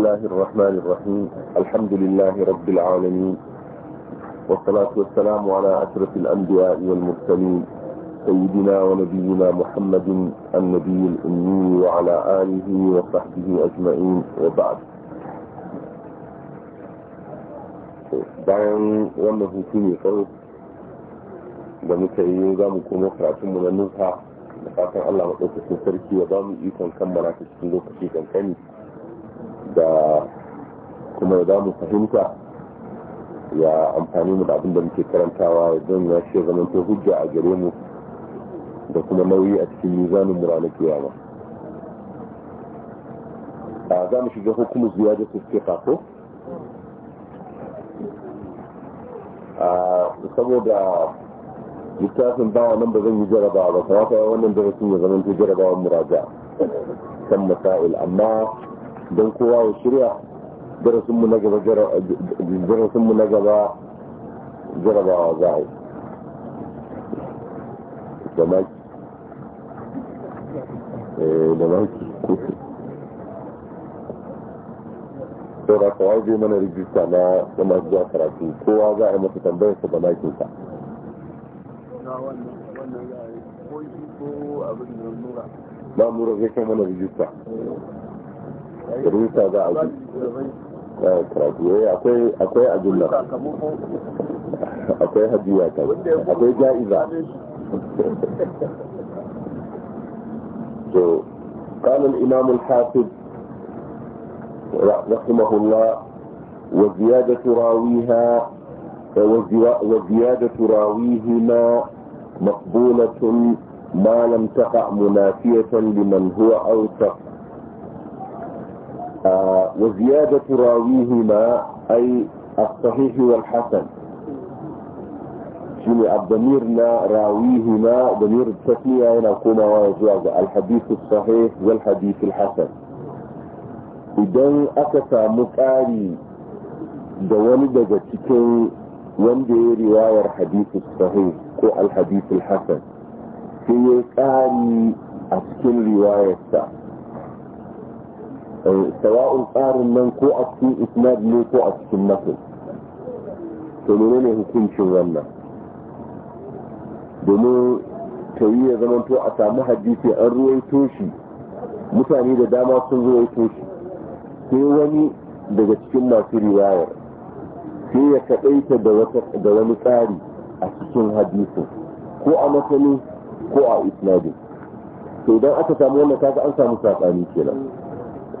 الله الرحمن الرحيم الحمد لله رب العالمين والصلاة والسلام على أشرف الأنبياء والمرسلين سيدنا ونبينا محمد النبي الأمي وعلى آله وصحبه أجمعين وبعد bayan wannan hutu mai da muka yi za mu komo karatunmu da kuma ya damu fahimta ya amfani mu da abin da muke karantawa don ya shi zaman ta hujja a gare mu da kuma nauyi a cikin nizanin murana kiyama a za mu shiga hukumu zuwa da suke fako saboda littafin bawa nan ba zan yi jarabawa ba kamata wannan darasin ya zama ta jarabawa muraja kan masail amma don kowa wa shirya darasinmu na gaba darasinmu na gaba jarabawa za a yi da maki da eh, maki kusa saura kawai zai mana rijista na kuma zuwa karatu kowa za a yi masa tambayar su da makinsa ba mura zai kai mana rijista rusa za a ji karatu ya eh, akwai akwai ajulla akwai hajiya ta akwai ja'iza قال الإمام الحافظ رحمه الله وزيادة راويها وزيادة راويهما مقبولة ما لم تقع منافية لمن هو أوثق آه، وزيادة راويهما أي الصحيح والحسن الضمير الضميرنا راويهما ضمير التسمية هنا كما ويزوج الحديث الصحيح والحديث الحسن إذن أكثر مكاري دواني دجا تكين وندي رواية الحديث الصحيح كو الحديث الحسن في كاري أسكن رواية الصحيح Eh, sawa'un tsarin nan ko a cikin isnad ne ko a cikin nafin to ne ne hukuncin wannan domin ta yi ya zama to a samu hadisi an ruwaito shi mutane da dama sun ruwaito toshi. sai wani daga cikin masu riwayar sai ya kaɗaita da wani tsari a cikin hadisin ko a matsalin ko a isnadin to idan aka samu wannan kaga an samu saɓani kenan arba'in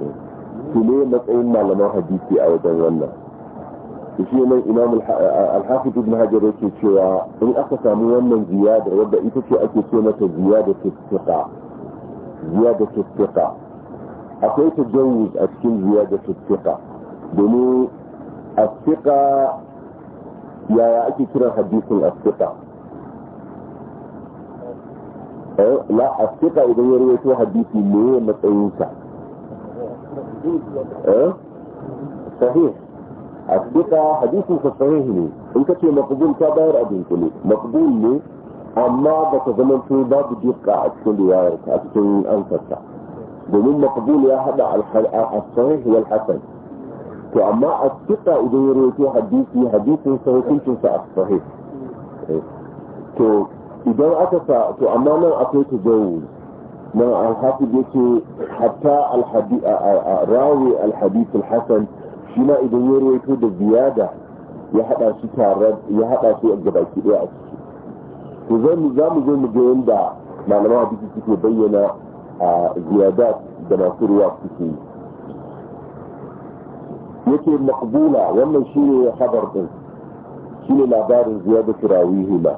shi ne matsayin malaman hadisi a wajen wannan shi nan imam al-hafiz ibn hajar yake cewa in aka samu wannan ziyada wadda ita ce ake ce mata ziyada tusfiqa ziyada tusfiqa akwai tajawuz a cikin ziyada tusfiqa domin asfiqa yaya ake kiran hadisin asfiqa la asfiqa idan ya rawaito hadisi ne matsayinsa Eh? sahih a hadisin sa sahih ne in kace maqbul ta bayar a ne maqbul ne amma ba ta zamanto babu duka a cikin riwayar a cikin ansarta domin maqbul ya hada al-sahih wal hasan to amma a cikin idan ya rawaito hadisi hadisin sa hukuncin sa sahih eh. to idan aka sa to amma nan akwai tajawuz ما الحافظ يتي حتى الحديث آه، آه، آه، راوي الحديث الحسن شما إذا يروي يرويته بزيادة يحدى شي تارد يحدى شي أجبع كده أشي فزي نظام زي مجين دا معلومة بيتي تكي بينا زيادات دناصر واقتكي يكي مقبولة ومن شي خبر بي شيني لابار زيادة راويهما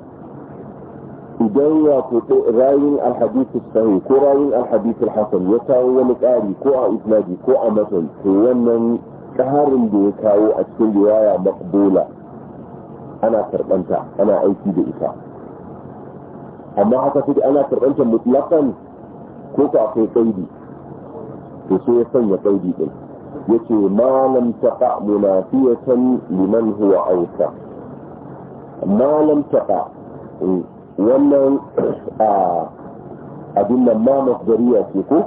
idan wato rayin alhadisi sahi ko rayin alhadisi hasan ya kawo wani ƙari ko a isnadi ko a matan to wannan ƙarin da ya kawo a cikin riwaya maqbula ana karɓanta ana aiki da ita amma haka sai ana karɓanta mutlaqan ko ta akwai ƙaidi to sai ya sanya ƙaidi din yace ma lam taqa munafiyatan liman huwa awsa ma lam taqa wannan a abin nan ma masdariya ce ko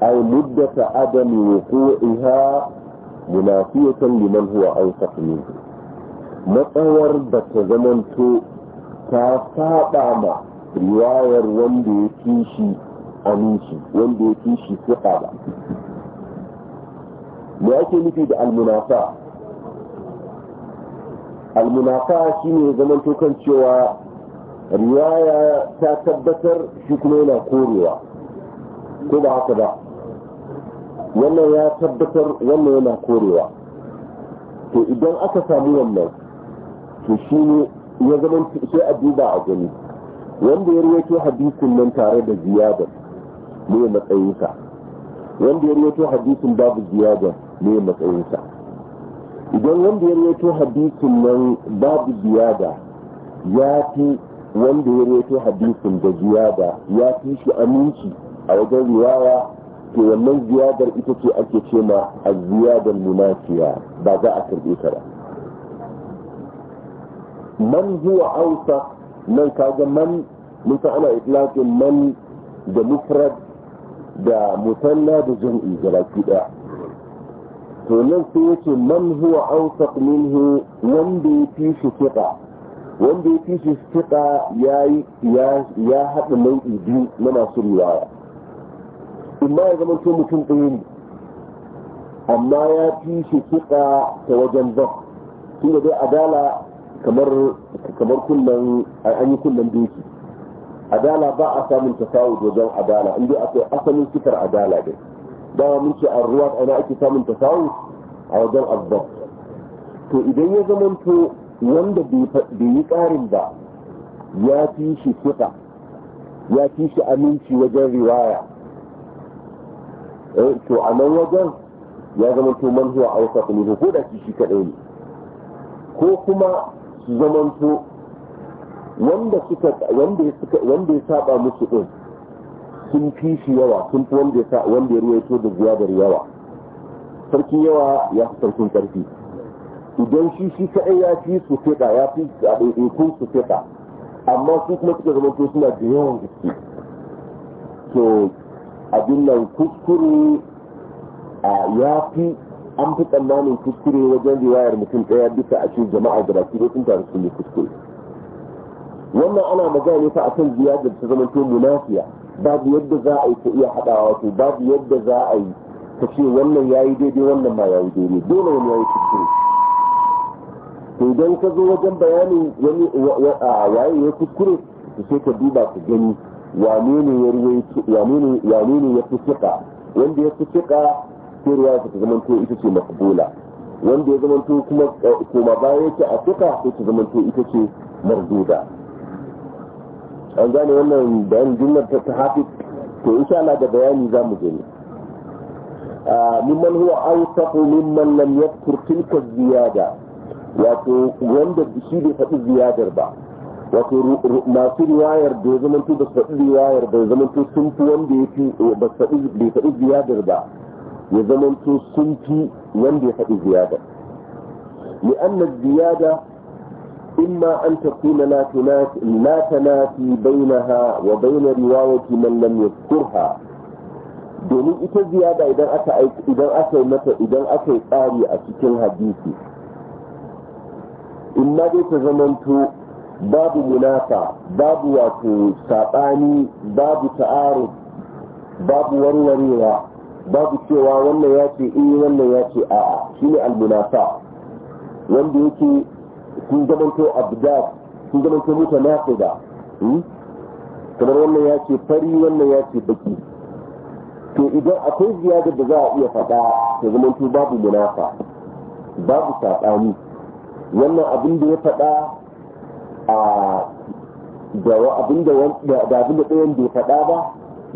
ai muddata adami iha munafiyatan liman huwa an matsawar da ta zamanto ta saba ma riwayar wanda ya kishi aminci wanda ya kishi suka ba me ake nufi da almunafa almunafa shine zamanto kan cewa riwaya ta tabbatar shi kuma yana korewa ko ba haka ba wannan ya tabbatar wannan yana korewa to idan aka samu wannan to shi ne ya zama sai a duba a gani wanda ya rawaito hadisin nan tare da ziyada ne matsayinsa wanda ya rawaito hadisin babu ziyada ne matsayinsa idan wanda ya rawaito hadisin nan babu ziyada ya fi wanda ya rawaito hadisin da ziyada ya fi shi aminci a wajen riwaya to wannan ziyadar ita ce ake ce ma a ziyadar munafiya ba za a karɓe ta ba man zuwa ausa nan kaga man musa ana itlaqin man da mufrad da musanna da jam'i gabaki daya to nan sai yace man huwa awsaq minhu wanda ya fi shi wanda ya fi shi fiƙa ya haɗa nau'i biyu na masu riwaya amma ya zama to mutum ɗaya ne amma ya fi shi fiƙa ta wajen zan tun da dai adala kamar kamar kullum an yi kullum doki adala ba a samun tasawud wajen adala inda akwai asalin sifar adala dai dama mun ce a ruwa ana ake samun tasawud a wajen azzab to idan ya zama to wanda bai yi ƙarin ba ya fi shi fita, ya fi shi aminci wajen riwaya eh, to a nan wajen ya zama to man a wasa kuma ko da shi kaɗai ne ko kuma su to wanda suka wanda ya saba musu din, sun fi shi yawa sun fi wanda ya ruwaito da ziyadar yawa sarkin yawa ya fi sarkin ƙarfi idan shi shi kaɗai ya fi su fiɗa ya fi a ɗaiɗaikun su fiɗa amma su kuma suka zama to suna da yawan gaske to abin nan kuskure ya fi an fi tsammanin kuskure wajen riwayar mutum ɗaya bisa a cikin jama'a da baki sun taru sun yi kuskure wannan ana magana ne fa kan ziyarar ta zama to munafiya babu yadda za a yi ta iya haɗawa to babu yadda za a yi ta ce wannan ya yi daidai wannan ma ya yi daidai dole wani ya yi kuskure to idan ka zo wajen bayanin wani waye ya kuskure su sai ka duba ku gani wane ne ya wane ya fi wanda ya fi sai ruwa ta zamanto ita ce makbula wanda ya zamanto kuma eh, koma baya yake a fuka sai ta zamanto ita ce marduda an gane wannan bayan jumlar ta ta hafi to insha Allah da bayani za mu gani ah, mimman huwa awsaqu mimman lam yadhkur tilka ziyada wato wanda shi bai faɗi ziyadar ba wato masu riwayar da ya zamanto ba su faɗi riwayar da ya zamanto sun fi wanda ya fi eh, ba faɗi faɗi ziyadar ba ya zamanto sun fi wanda ya faɗi ziyadar li'anna ziyada إما أن تكون لا تنافي, لا تنافي بينها وبين رواية من لم يذكرها domin ita ziyada idan aka idan aka mata idan aka yi tsari a cikin hadisi in ma dai ta zamanto babu munafa babu wato saɓani babu ta'aru babu warwarewa babu cewa wannan ya ce eh wannan ya ce a'a shi ne almunafa wanda yake sun zamanto abdad sun zamanto mutanaqida hmm? kamar wannan ya ce fari wannan ya ce baki to idan akwai ziyadar da za a iya faɗa ta zamanto babu munafa babu saɓani wannan abin da ya faɗa a da abin da ɗayan bai faɗa ba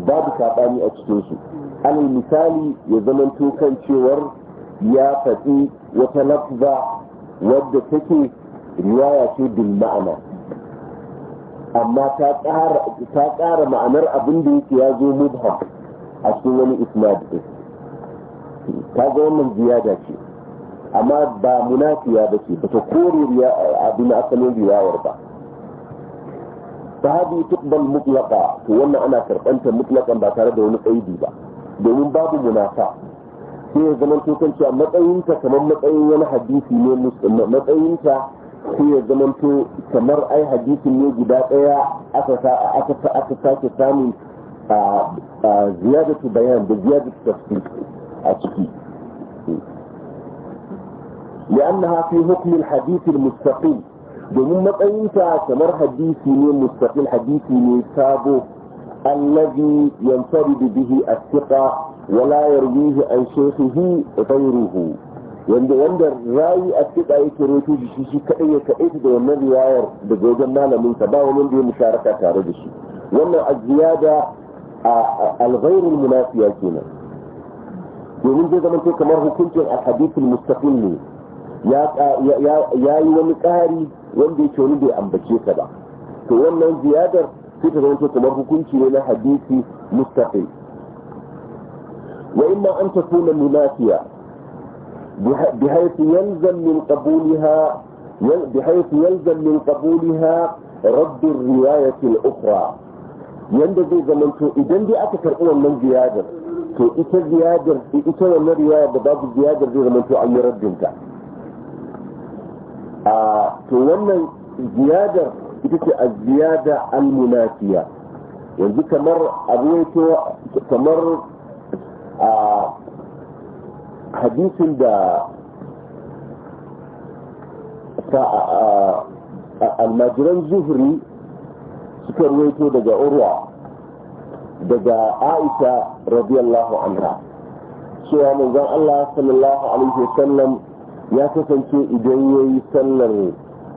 babu saɓani a cikinsu alal misali ya zamanto kan cewar ya faɗi wata lafza wadda take riwaya ce bil ma'ana amma ta ƙara ma'anar abin da yake ya zo mubham a cikin wani isnad ta ga wannan ziyada ce amma ba munafiya ba ce ba ta kore abin asalin riyawar ba ta hadu tukbal mutlaka to wannan ana karɓanta mutlakan ba tare da wani tsaidi ba domin babu munafa sai ya zama tokan cewa matsayinta kamar matsayin wani hadisi ne matsayinta sai ya zama to kamar ai hadisin ne guda ɗaya aka sake samun ziyadatu bayan da ziyadatu tafsir a ciki لأنها في حكم الحديث المستقيم دون ما تأنت أكمر حديثي من مستقيم حديثي من تابو الذي ينفرد به الثقة ولا يرويه عن شيخه غيره وند وند راي الثقة يتروتو جشيشي كأي كأي كأيت دو النبي واير دقوجا مالا من تبا ومن دي مشاركة كاردشي وانا الزيادة الغير المنافية كنا ومن جزا من تلك مره كنت الحديث المستقيم ya yi wani ƙari wanda yake wani bai ambace ka ba to wannan ziyadar sai ta zama kamar hukunci ne na hadisi mustaqi wa imma an takuna munafiya بحيث يلزم من قبولها بحيث يلزم من قبولها رد الرواية الأخرى yanda zai zamanto idan dai aka karɓi wannan ziyadar to ita ziyadar ita wannan riwaya da babu ziyadar zai zamanto an yi raddinta a to wannan ziyadar ita ce a ziyada al yanzu kamar abuwaito kamar a hadisin da almajiran zuhri suka ruwaito daga urwa daga aisha radiyallahu anha cewa manzon Allah sallallahu alaihi wasallam ya kasance idan ya yi sallar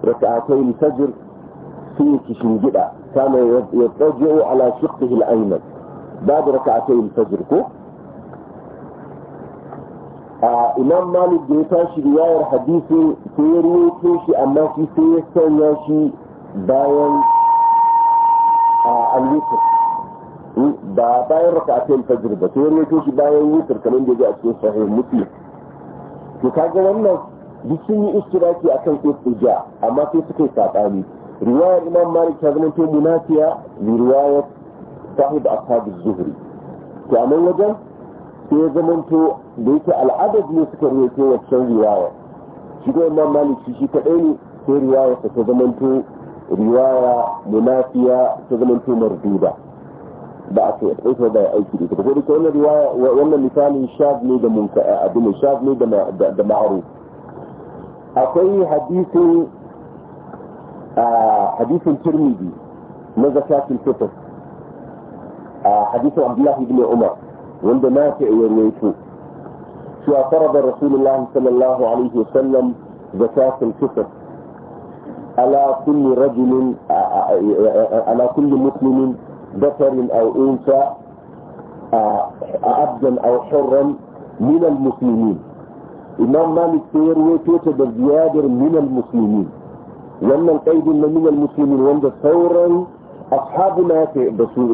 raka'atai lifajir sai ya kishin gida kama ya tsajo ala shiqqihi al-ayman babu raka'atai lifajir ko a imam malik da ya tashi riwayar hadisin sai ya ruwaito shi amma shi sai ya sanya shi bayan al-witr ba bayan raka'atai lifajir ba sai ya ruwaito shi bayan witr kamar da ya a cikin sahih muslim to kaga wannan duk sun yi istiraki akan amma sai suka yi sabani riwayar imam malik ta zama to munafiya li riwayar sahib ashab zuhri to wajen sai ya zama to da yake al'adad ne suka rawaito waccan riwaya shi da imam malik shi shi kadai ne sai riwayar ta zama to riwaya munafiya ta zama to marduda ba a so ya ɗauke da aiki da ita ko da wannan riwaya wannan misalin shaf ne da munka abin shaf ne da da ma'ruf akwai hadisin hadisin tirmidhi na zakatul fitr hadisin abdullahi ibn umar wanda na ta iya rawaito cewa farada rasulullahi sallallahu alaihi wasallam zakatul fitr ala kulli rajulin ala kulli muslimin ذكر أو أنثى عبدا أو حرا من المسلمين إمام مالك سيروي توتد زيادر من المسلمين وأن القيد من المسلمين وأن ثورا أصحابنا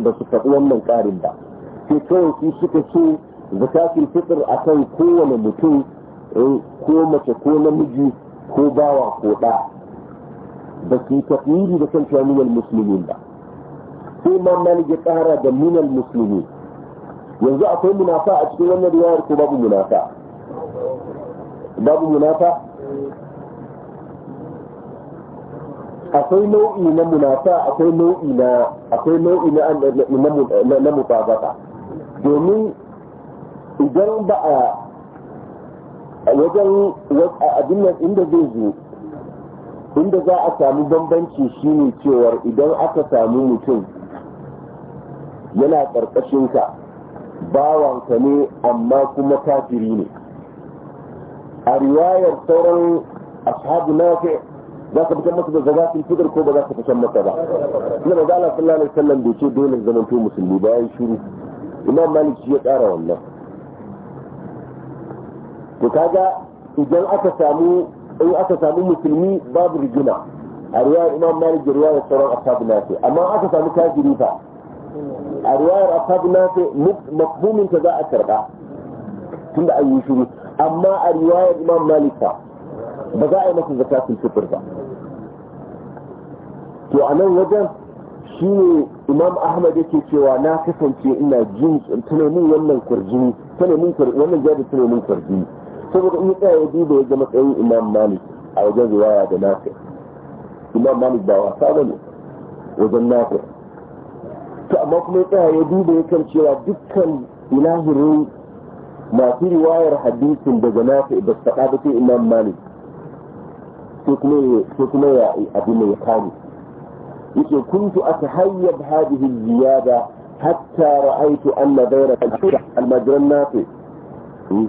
بسفق وأن الكارم ده في كون في سكة زكاة الفطر أكون كون متون كومة كون مجي كوباوة كوباوة بس يتقييري بكم من المسلمين ده sai man malik ya kara da minal musulmi yanzu akwai munafa a cikin wannan riwayar ko babu munafa babu munafa akwai nau'i na munafa akwai nau'i na akwai nau'i na na mutabaka domin idan ba a wajen abin nan inda zai zo inda za a samu bambanci shine cewar idan aka samu mutum yana ƙarƙashinka bawanka ne amma kuma kafiri ne a riwayar sauran ashabu nafi za ka fitar masa da zagatin fidar ko ba za ka fitar masa ba kuma ba Allah sallallahu alaihi wasallam bai ce dole zaman to musulmi bayan shiru imam Maliki ya tsara wannan to kaga idan aka samu in aka samu musulmi babu rigima a riwayar imam malik da riwayar sauran ashabu nafi amma aka samu kafiri fa a ruwayar ashabu nafi mafhumin ta za a karba tun da an yi shiru amma a riwayar imam Malik malika ba za a yi masa zakatul fitr ba to a nan wajen shi ne imam ahmad yake cewa na kasance ina jin tunanin wannan kwarjini tunanin wannan jadi tunanin kwarjini saboda in tsaya ya duba ya ga matsayin imam malik a wajen riwaya da nafi imam malik ba wasa ba wajen nafi to amma kuma ya tsaya ya duba ya kan cewa dukkan ilahirin masu riwayar hadisin daga nafi da faɗa ba sai imam malik sai kuma ya abu mai kani yake kuntu atahayyab hadhihi ziyada hatta ra'aytu anna ghayra al-majran nafi hmm.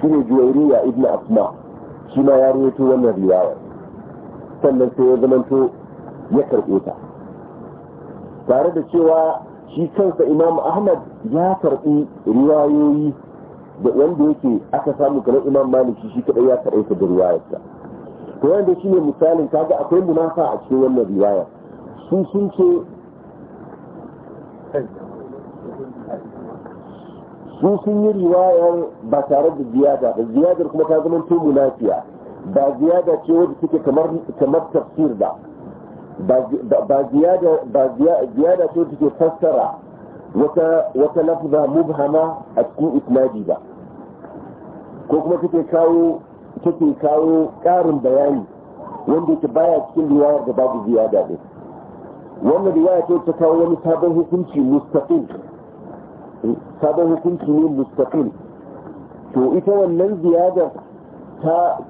shine juwairiya ibnu asma shi ma ya rawaito wannan riwaya sannan sai ya zamanto ya karɓe ta tare da cewa shi kansa imam ahmad ya karbi riwayoyi da wanda yake aka samu kamar imam maliki shi kadai ya karbi da riwayarsa to wanda shine misalin kaga akwai munafa a cikin wannan riwaya sun sun ce su sun yi riwayar ba tare da ziyada ba ziyadar kuma ta zama to munafiya ba ziyada ce wadda take kamar kamar tafsir ba ba ziyada ce take fassara wata lafza mubhama a cikin isnadi ba ko kuma take kawo take kawo ƙarin bayani wanda ke baya cikin riwaya da babu ziyada ne. wannan riwaya ce ta kawo wani sabon hukunci mustaqil sabon hukunci ne mustaqil to ita wannan ziyada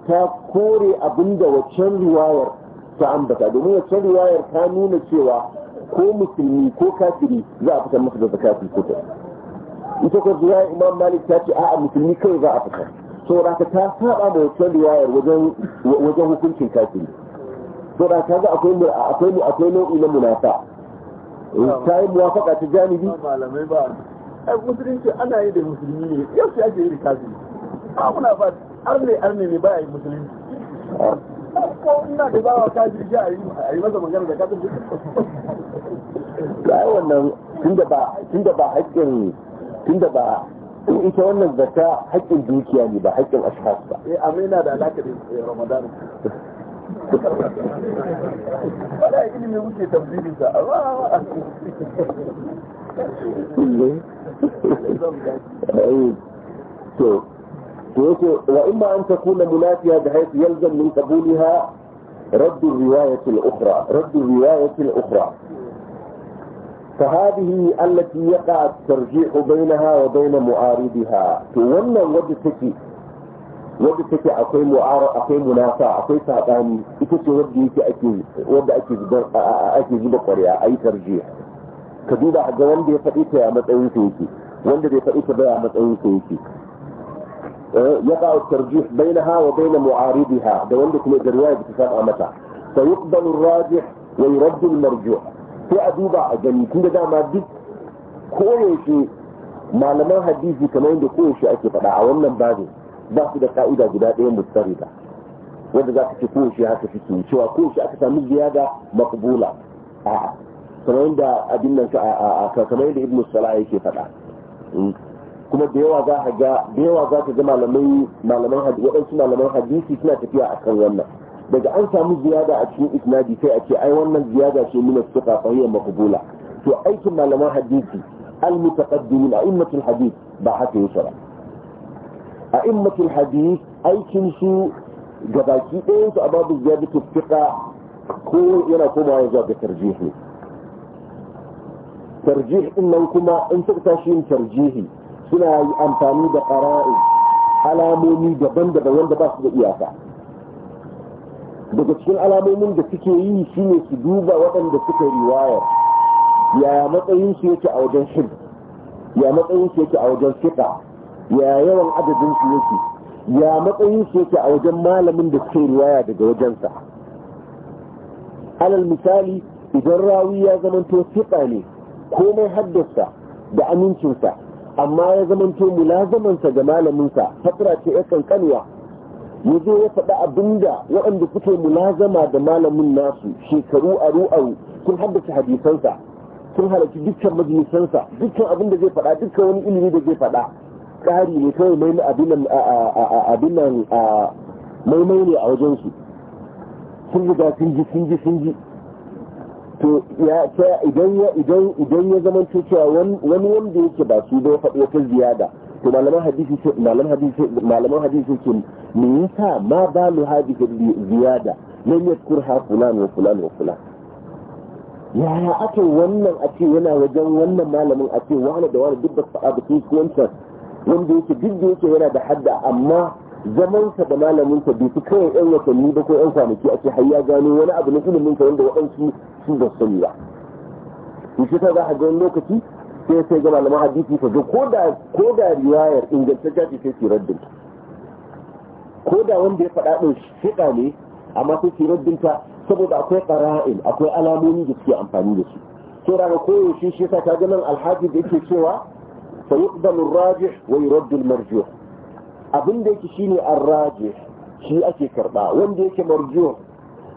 ta kore abinda waccan riwayar ta ambata domin wacce riwayar ta nuna cewa ko musulmi ko kafiri za a fitar masa da zakatul fitr ita ko riwayar imam malik ta ce a'a musulmi kai za a fitar saboda ta saba da wacce riwayar wajen hukuncin kafiri saboda ka ga akwai mu akwai mu akwai nau'i na munafa ta yi muwafaka ta janibi malamai ba ai musulunci ana yi da musulmi ne yau sai ake yi da kafiri ba muna ba arne arne ne ba yi musulunci ina da bawa ka ji a yi masa magana da ba wannan tunda ba tunda ba haƙƙin tunda ba ita wannan zaka haƙƙin dukiya ne ba haƙƙin ashkhas ba eh amma da da eh, Ramadan wala ilimi sa eh. ويقول وإما أن تكون منافية بحيث يلزم من قبولها رد الرواية الأخرى رد الرواية الأخرى فهذه التي يقع الترجيح بينها وبين معارضها تولى وجدتك وجدتك أقيم معارض أقوي منافع أقيم سعباني إتسي وجدك أكي وجد أكي أي ترجيح كذوبة حقا وانده يفعيك يا متأيسيك وانده يفعيك بيا متأيسيك يقع الترجيح بينها وبين معارضها ده وندك الرواية بتفاق متى فيقبل الراجح ويرد المرجوح في أدوبة جميل كل ده ما دي كويشي ما لما حديثي كمان ده كويشي أكي فدا عوانا بادي باقي ده قائدة جدا ايه مستردة wanda za ka ce kowace haka suke cewa kowace aka sami ziyada makbula a kamar yadda abin nan kamar yadda ibn salah yake faɗa kuma da yawa za ka ga da yawa za ka ga malamai malaman hadisi waɗansu malaman hadisi suna tafiya a kan wannan daga an samu ziyada a cikin isnadi sai a ce ai wannan ziyada ce min suka fahiyar makubula to aikin malaman hadisi al mutaqaddimin a'immatul hadith ba haka yake ba a'immatul hadith aikin su gabaki ɗayan su a babu ziyadatu fiqa ko yana komawa zuwa ga tarjihi tarjihi din nan kuma in suka tashi yin tarjihi suna yi amfani da ƙara'i alamomi daban-daban wanda ba su da iyaka daga cikin alamomin da suke yi shi ne su duba waɗanda suka riwayar yaya matsayinsu su yake a wajen shir ya matsayinsu su yake a wajen fiƙa ya yawan adadin su yake ya matsayinsu su yake a wajen malamin da suke riwaya daga wajensa alal misali idan rawi ya zamanto fiƙa ne komai haddasa da amincinsa amma ya zamanto mulazamansa ga malaminsa fatura ce ya kankanwa ya zo ya faɗi abinda waɗanda suke mulazama da malamin nasu shekaru aru aru sun haddace hadisansa sun halarci dukkan majalisansa dukkan abin zai faɗa dukkan wani ilimi da zai faɗa ƙari ne kawai mai abin nan maimai ne a wajensu sun riga sun ji sun ji sun ji to ya ta idan ya idan idan ya zama cewa wani wanda yake ba su bai faɗi wata ziyada to malaman hadisi malaman hadisi malaman hadisi ke me yasa ma balu hadisi ziyada lam yadkurha fulan wa fulan wa fulan ya ake wannan a ce yana wajen wannan malamin a ce wani da wani duk da faɗa da su wancan wanda yake duk da yake yana da hadda amma zamansa da malaminsa bai fi kawai 'yan watanni ba ko 'yan kwanaki ake har ya gano wani abu na ilimin ka wanda waɗansu su ba sani ba shi ta za a ga lokaci sai sai ga malaman hadisi ta ko da ko da riwayar ingantacciya ce sai raddin ko da wanda ya faɗa ɗin shiɗa ne amma sai su raddin ta saboda akwai ƙara'in akwai alamomi da suke amfani da su sai raga koyaushe shi sa ta ganin alhaji da yake cewa fa yuqbalu rajih wa yuraddu marjuh abin da yake shine ar-rajih shi ake karba wanda yake marjuh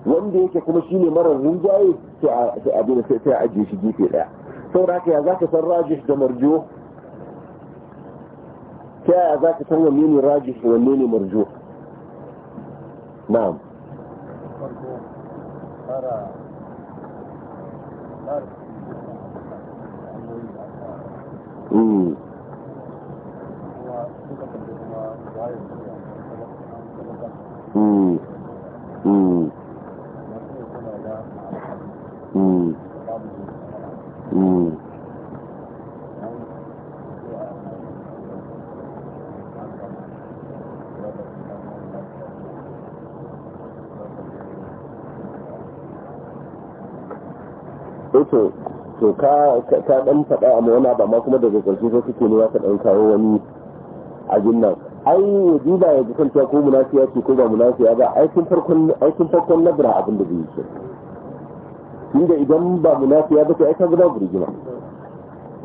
wanda yake kuma shi ne marar rinjaye sai a abin sai a ajiye shi gefe daya saboda ya ka san rajish da marjo ta yaya ka san wanne ne da wanne ne marjo na'am Mm. Mm. ito mm. eh, to ka ka dan faɗa amma wani ba ma kuma daga ƙarshe sai kake ne ka dan kawo wani abin nan ai duba ya kan ko munafiya ce ko ba munafiya ba ai farkon ai farkon abin da zai yi inda idan ba munafiya ba sai aika guda rigima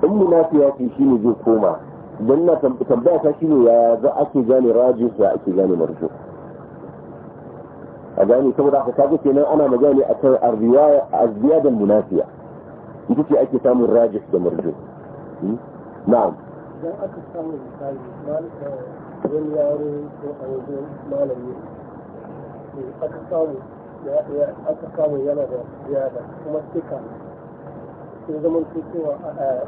in munafiya ce shi ne zai koma don na tambaya ta shi ne ya za ake gane raji ya ake gane marjo a gane saboda haka kaga kenan ana magani a kan arriwaya azziyadan munafiya ita ce ake samun raji da marjo hmm? na'am idan aka samu misali eh, wani yaro ko a wajen malami eh, aka samu ya aka samu yana da ziyada kuma suka sun zama cewa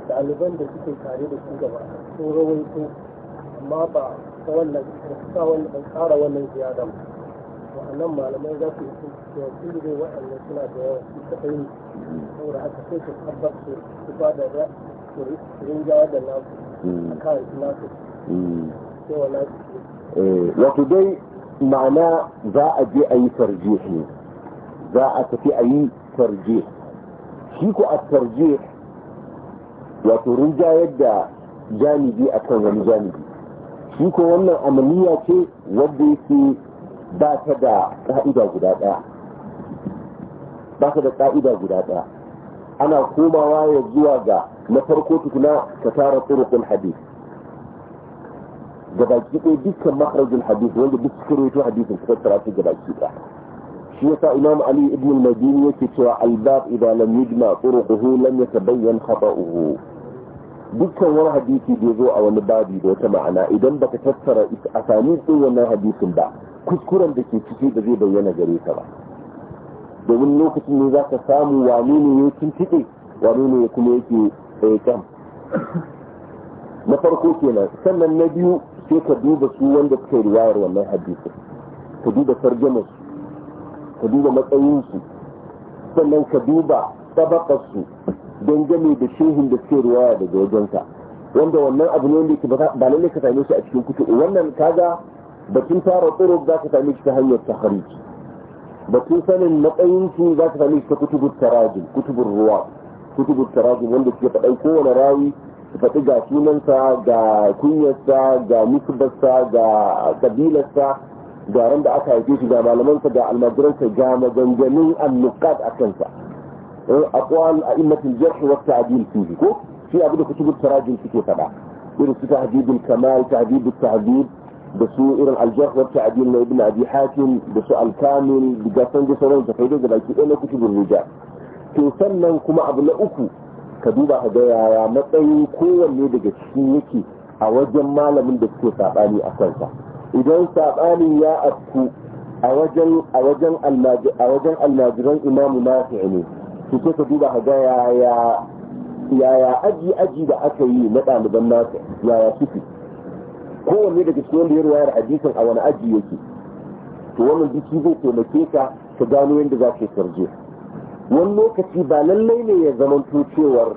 ɗaliban da suke tare da su gaba sun rawaito amma ba ta wannan sa wannan tsara wannan ziyada ba wa'annan malamai za su yi cewa sun zai wa'annan suna da yawa su kaɗa yi saboda haka sai su tabbar su su ba da ra, su rinjawa da nasu a kan nasu hmm. cewa nasu eh, wato dai ma'ana za a je a yi tarjihi za a tafi a yi tarje shi ku a tarje wato rinjayar da janibi a kan wani janibi shi ko wannan amaliya ce wadda yake ba ta da ƙa'ida guda ɗaya ba ta da ƙa'ida guda ɗaya ana komawa ya zuwa ga na farko tukuna ka tara turukun hadith gabaki ɗaya dukkan makarajin hadith wanda duk suka rawaito hadithin suka tara su gabaki ɗaya shi yasa imam ali ibn al-madini yake cewa albab idan lam yujma turuquhu lam yatabayyan khata'uhu dukkan wani hadisi da zo a wani babi da wata ma'ana idan baka tattara a sami din wannan hadisin ba kuskuren da ke ciki da zai bayyana gare ka ba domin lokacin ne zaka samu wane ne ya tuntube wane ne kuma yake eh, kam na farko kenan sannan na biyu sai ka duba su wanda suka riwayar wannan hadisin ka duba tarjumar su ka duba matsayinsu sannan ka duba sabakarsu dangane da shehin da suke ruwaya daga wajensa wanda wannan abu ne wanda yake ba lalle ka same shi a cikin kutu wannan kaga batun fara tsoro za ka same shi ta hanyar tahrij batun sanin matsayinsu za ka same shi ta kutubur tarajin kutubur ruwa kutubur tarajin wanda ke faɗan kowane rawi su faɗi ga sunansa ga kunyarsa ga nisbarsa ga kabilarsa da ran da aka haife shi ga da ga sa ga maganganun annukat a kansa eh, aqwal al jarh wa ta'dil fihi ko shi abu da kutubut tarajim suke fada irin su tahdidul kamal tahdidul tadil da su irin al-jarh wa ta'dil na ibn abi hatim da su al-kamil da san da sauran da faida da baki ɗaya na kutubul rijal to sannan kuma abu na uku ka duba ka ga yaya matsayin kowanne daga cikin yake a wajen malamin da suke saɓani a kansa idan sabani ya afku a wajen a wajen almajiran imamu nafi'i ne su ce ka duba haga yaya ya aji aji da aka yi na ɗaliban nasu yaya suke kowanne daga cikin wanda ya ruwayar hadisin a wani aji yake to wannan duki zai taimake ka ka gano yadda za ka sarje wani lokaci ba lallai ne ya zamanto cewar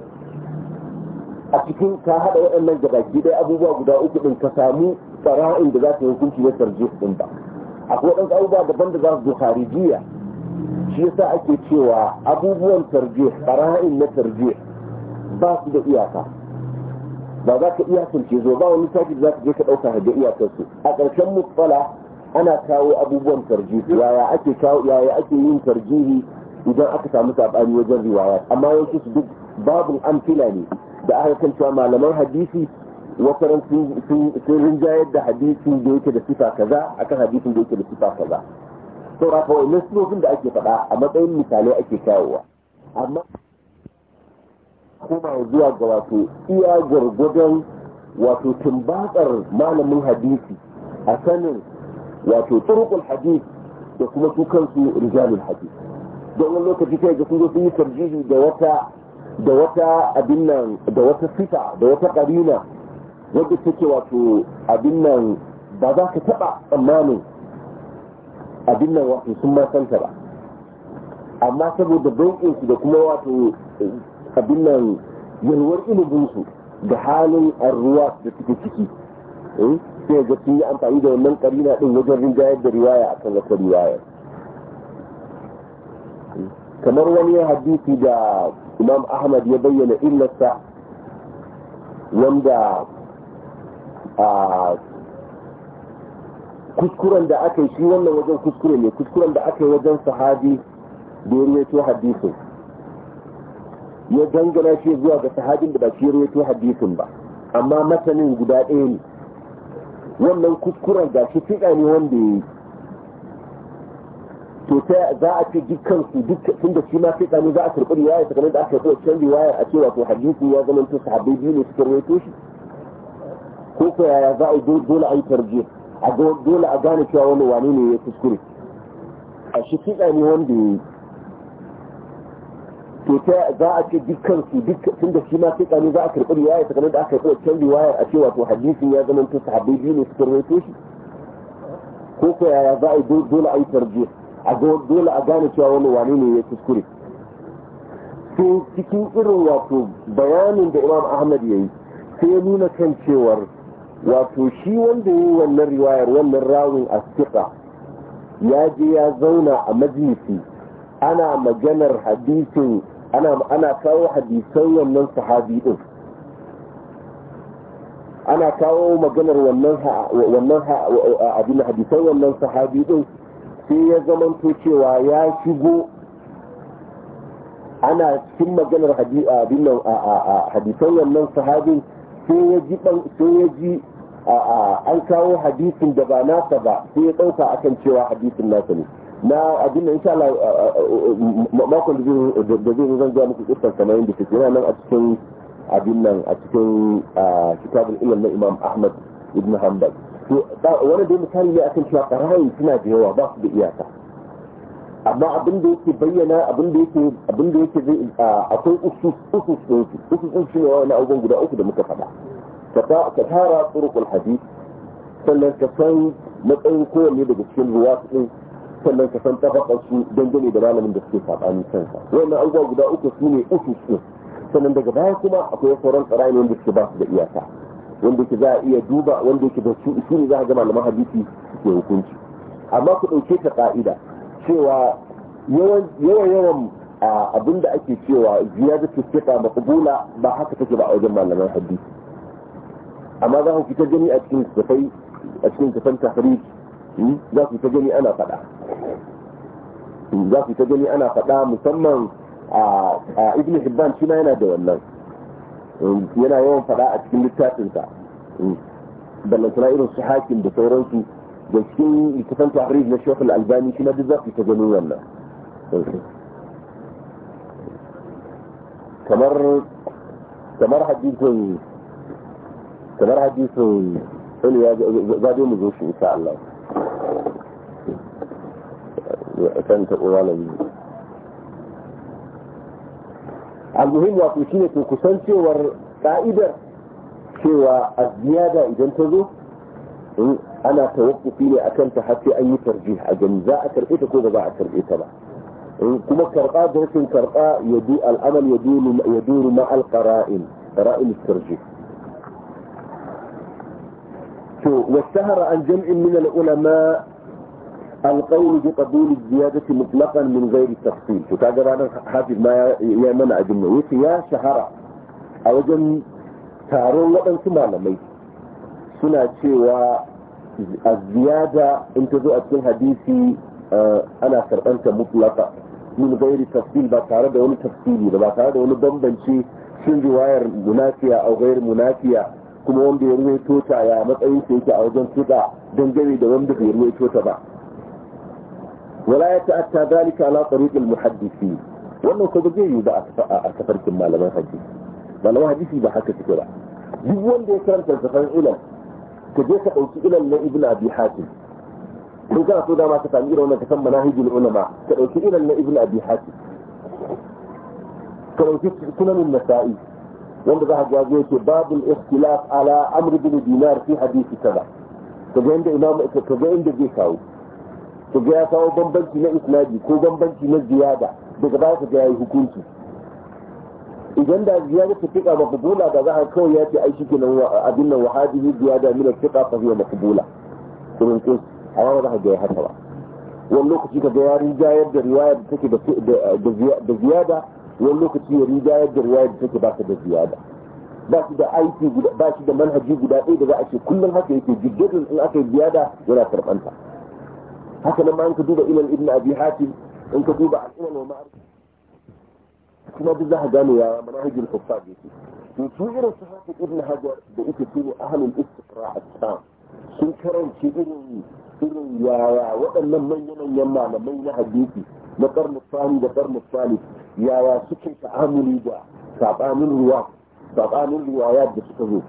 a cikin ka haɗa waɗannan gabaki ɗaya abubuwa guda uku ɗin ka samu fara'in da za ta hukunci na tarjih din ba akwai waɗansu abubuwa daban da za su zo harijiya shi yasa ake cewa abubuwan tarjih fara'in na tarjih ba su da iyaka ba za ka iyakance zo ba wani taki da za ka je ka ɗauka da iyakarsu a ƙarshen mutsala ana kawo abubuwan tarjihi yaya ake kawo yaya ake yin tarjihi idan aka samu sabani wajen riwaya amma yawanci su duk babin amfila ne da aka kan cewa malaman hadisi wataran sun rinjayar da hadisin da yake da sifa kaza akan hadisin da yake da sifa kaza saura fa wannan sunofin da ake faɗa a matsayin misalai ake kawowa amma kuma zuwa ga wato iya gwargwadon wato tumbatsar malamin hadisi a sanin wato turukul hadis da kuma su kansu rijalul hadis don wani lokaci kai ga sun zo sun yi tarjihi da wata da wata abin nan da wata sifa da wata karina wadda take wato abin nan ba za ka taɓa tsammanin abin nan wato sun ma ba amma saboda bankinsu da kuma wato eh, abin nan yalwar iliminsu da halin arruwa da suke ciki eh, sai ga sun yi amfani da wannan karina din wajen rinjayar da riwaya akan wata riwaya kamar wani hadisi da imam ahmad ya bayyana illarsa wanda kuskuren da aka yi shi wannan wajen kuskure ne kuskuren da aka yi wajen sahabi da ya ruwaito hadisun ya dangana shi zuwa ga sahabin da ba shi ruwaito hadisun ba amma matanin guda ɗaya ne wannan kuskuren ga shi fiƙa ne wanda ya yi to ta za a ce dukkan su duk tun da shi ma fiƙa ne za a karɓi riwaya sakamakon da aka karɓi wancan riwaya a cewa to hadisi ya zama to sahabbai biyu ne suka ruwaito shi to ya za a dole a yi tarji a dole a gane cewa wani wani ne ya kuskure a shi kiɗa ne wanda ya yi to ta za a ce dukkan su duk tun da shi ma kiɗa ne za a karɓi riwaya ta kamar da aka karɓi can riwaya a ce wato hadisin ya zama to sahabbai biyu ne suka rawaito shi ko ko ya za a dole a yi tarji a dole a gane cewa wani wani ne ya kuskure to cikin irin wato bayanin da imam ahmad ya yi sai ya nuna kan cewar wato shi wanda yi wannan riwayar wannan rawin asiqa ya je ya zauna a majalisi ana maganar hadisin ana ana kawo hadisan wannan sahabi din ana kawo maganar wannan wannan abin hadisan wannan sahabi din sai ya zamanto cewa ya shigo ana cikin maganar hadisan wannan sahabi sahabin sai ya ji an kawo hadisin da ba nasa ba sai ya ɗauka akan cewa hadisin nasa ne na abin da insha Allah makon da zai zan zuwa muku kisar kamar yadda take yana nan a cikin abin nan a cikin kitabul ilm na Imam Ahmad ibn Hanbal to wani da misali ne akan cewa qara'i suna da yawa ba su da iyaka amma abin da yake bayyana abin da yake abin da yake akwai usus usus usus usus ne wani abubuwan guda uku da muka faɗa ka tara turukul hadith sannan ka san matsayin kowanne daga cikin ruwa din sannan ka san tabakar su dangane da malamin da suke saɓani kansa wannan abubuwa guda uku su ne uku su sannan daga baya kuma akwai sauran tsarani wanda suke ba su da iyaka wanda yake za a iya duba wanda yake da su su ne za a ga malaman hadisi suke hukunci amma ku ɗauke ta ka'ida cewa yawan yawan abin da ake cewa ziyadatu fiqa maqbula ba haka take ba a wajen malaman hadisi amma za ku fita gani a cikin tafai a cikin tafan tahrij hmm? za ku ta gani ana faɗa za ku ta gani ana faɗa musamman a ibn hibban shi yana da wannan hmm, yana yawan faɗa a cikin littafinsa hmm, ballantana irin su hakim da sauransu da cikin littafin tahrij na shekul albani shi ma duk za ku ta gani wannan kamar kamar hadisin kamar hadisin ya za dai mu zo shi insha Allah kan ta ƙura na biyu al-muhim wato shine to kusancewar ka'idar cewa aziyada idan ta zo ana tawakkufi ne akan ta har sai an yi tarjih a gani za a karɓe ta ko ba za a karɓe ta ba kuma karɓa da rashin karɓa yadu al'amal yaduru ma'al qara'in qara'in tarjih واشتهر عن جمع من العلماء القول بقبول الزيادة مطلقا من غير تفصيل فتاجر انا حافظ ما يا منع جمع ويسي يا شهر او جم تارون لقن سمع لمي سنة شوى الزيادة انت ذو اتن حديثي آه، انا سر انت مطلقا من غير تفصيل بطارة دون تفصيلي بطارة دون دون بنشي شن رواية مناكية او غير مناكية kuma wanda ya ruwaito ta ya matsayin sa yake a wajen fiqa dangane da wanda bai ruwaito ta ba wala ya ta'atta dalika ala tariq al muhaddisi wannan ko zai yi ba a tafarkin malaman hadisi malaman hadisi ba haka suke ba duk wanda ya karanta tafsirin ilan, ka je ka dauki ilan na ibnu abi hatim in kana so ma ka sami irin wannan ta san manahijul ulama ka dauki ilan na ibnu abi hatim ka dauki sunanin nasa'i wanda za a jago yake babin ikhtilaf ala amr bin dinar fi hadisi kaza kaga inda imam kaga inda zai kawo kaga ya kawo bambanci na isnadi ko bambanci na ziyada daga ba ka ga yayi hukunci idan da ziyada ta fika maqbula da za a kawai ya ce ai shike nan abin nan wahadihi ziyada min al-fiqa fa huwa maqbula kuma ko a yawa za ka ga haka ba wani lokaci ka ga ya rinjayar da riwaya da take da ziyada wani lokaci ya riga yadda riwayar da take ba da ziyada ba shi da aiki ba shi da manhaji guda ɗaya da za a ce kullum haka yake jiddadin in aka yi ziyada yana karɓanta haka nan ma in ka duba ilal ibn abi hatim in ka duba al'ilal wa ma'ar kuma duk za ka gano ya manhajin da yake to su irin su haka ibn hajar da ita su ahlul istiqra al sam sun karanci irin irin yaya waɗannan manyan manyan malamai na hadisi na karnu fani da karnu fani yawa suke ta'amuli da sabanin ruwa sabanin ruwaya da suka zo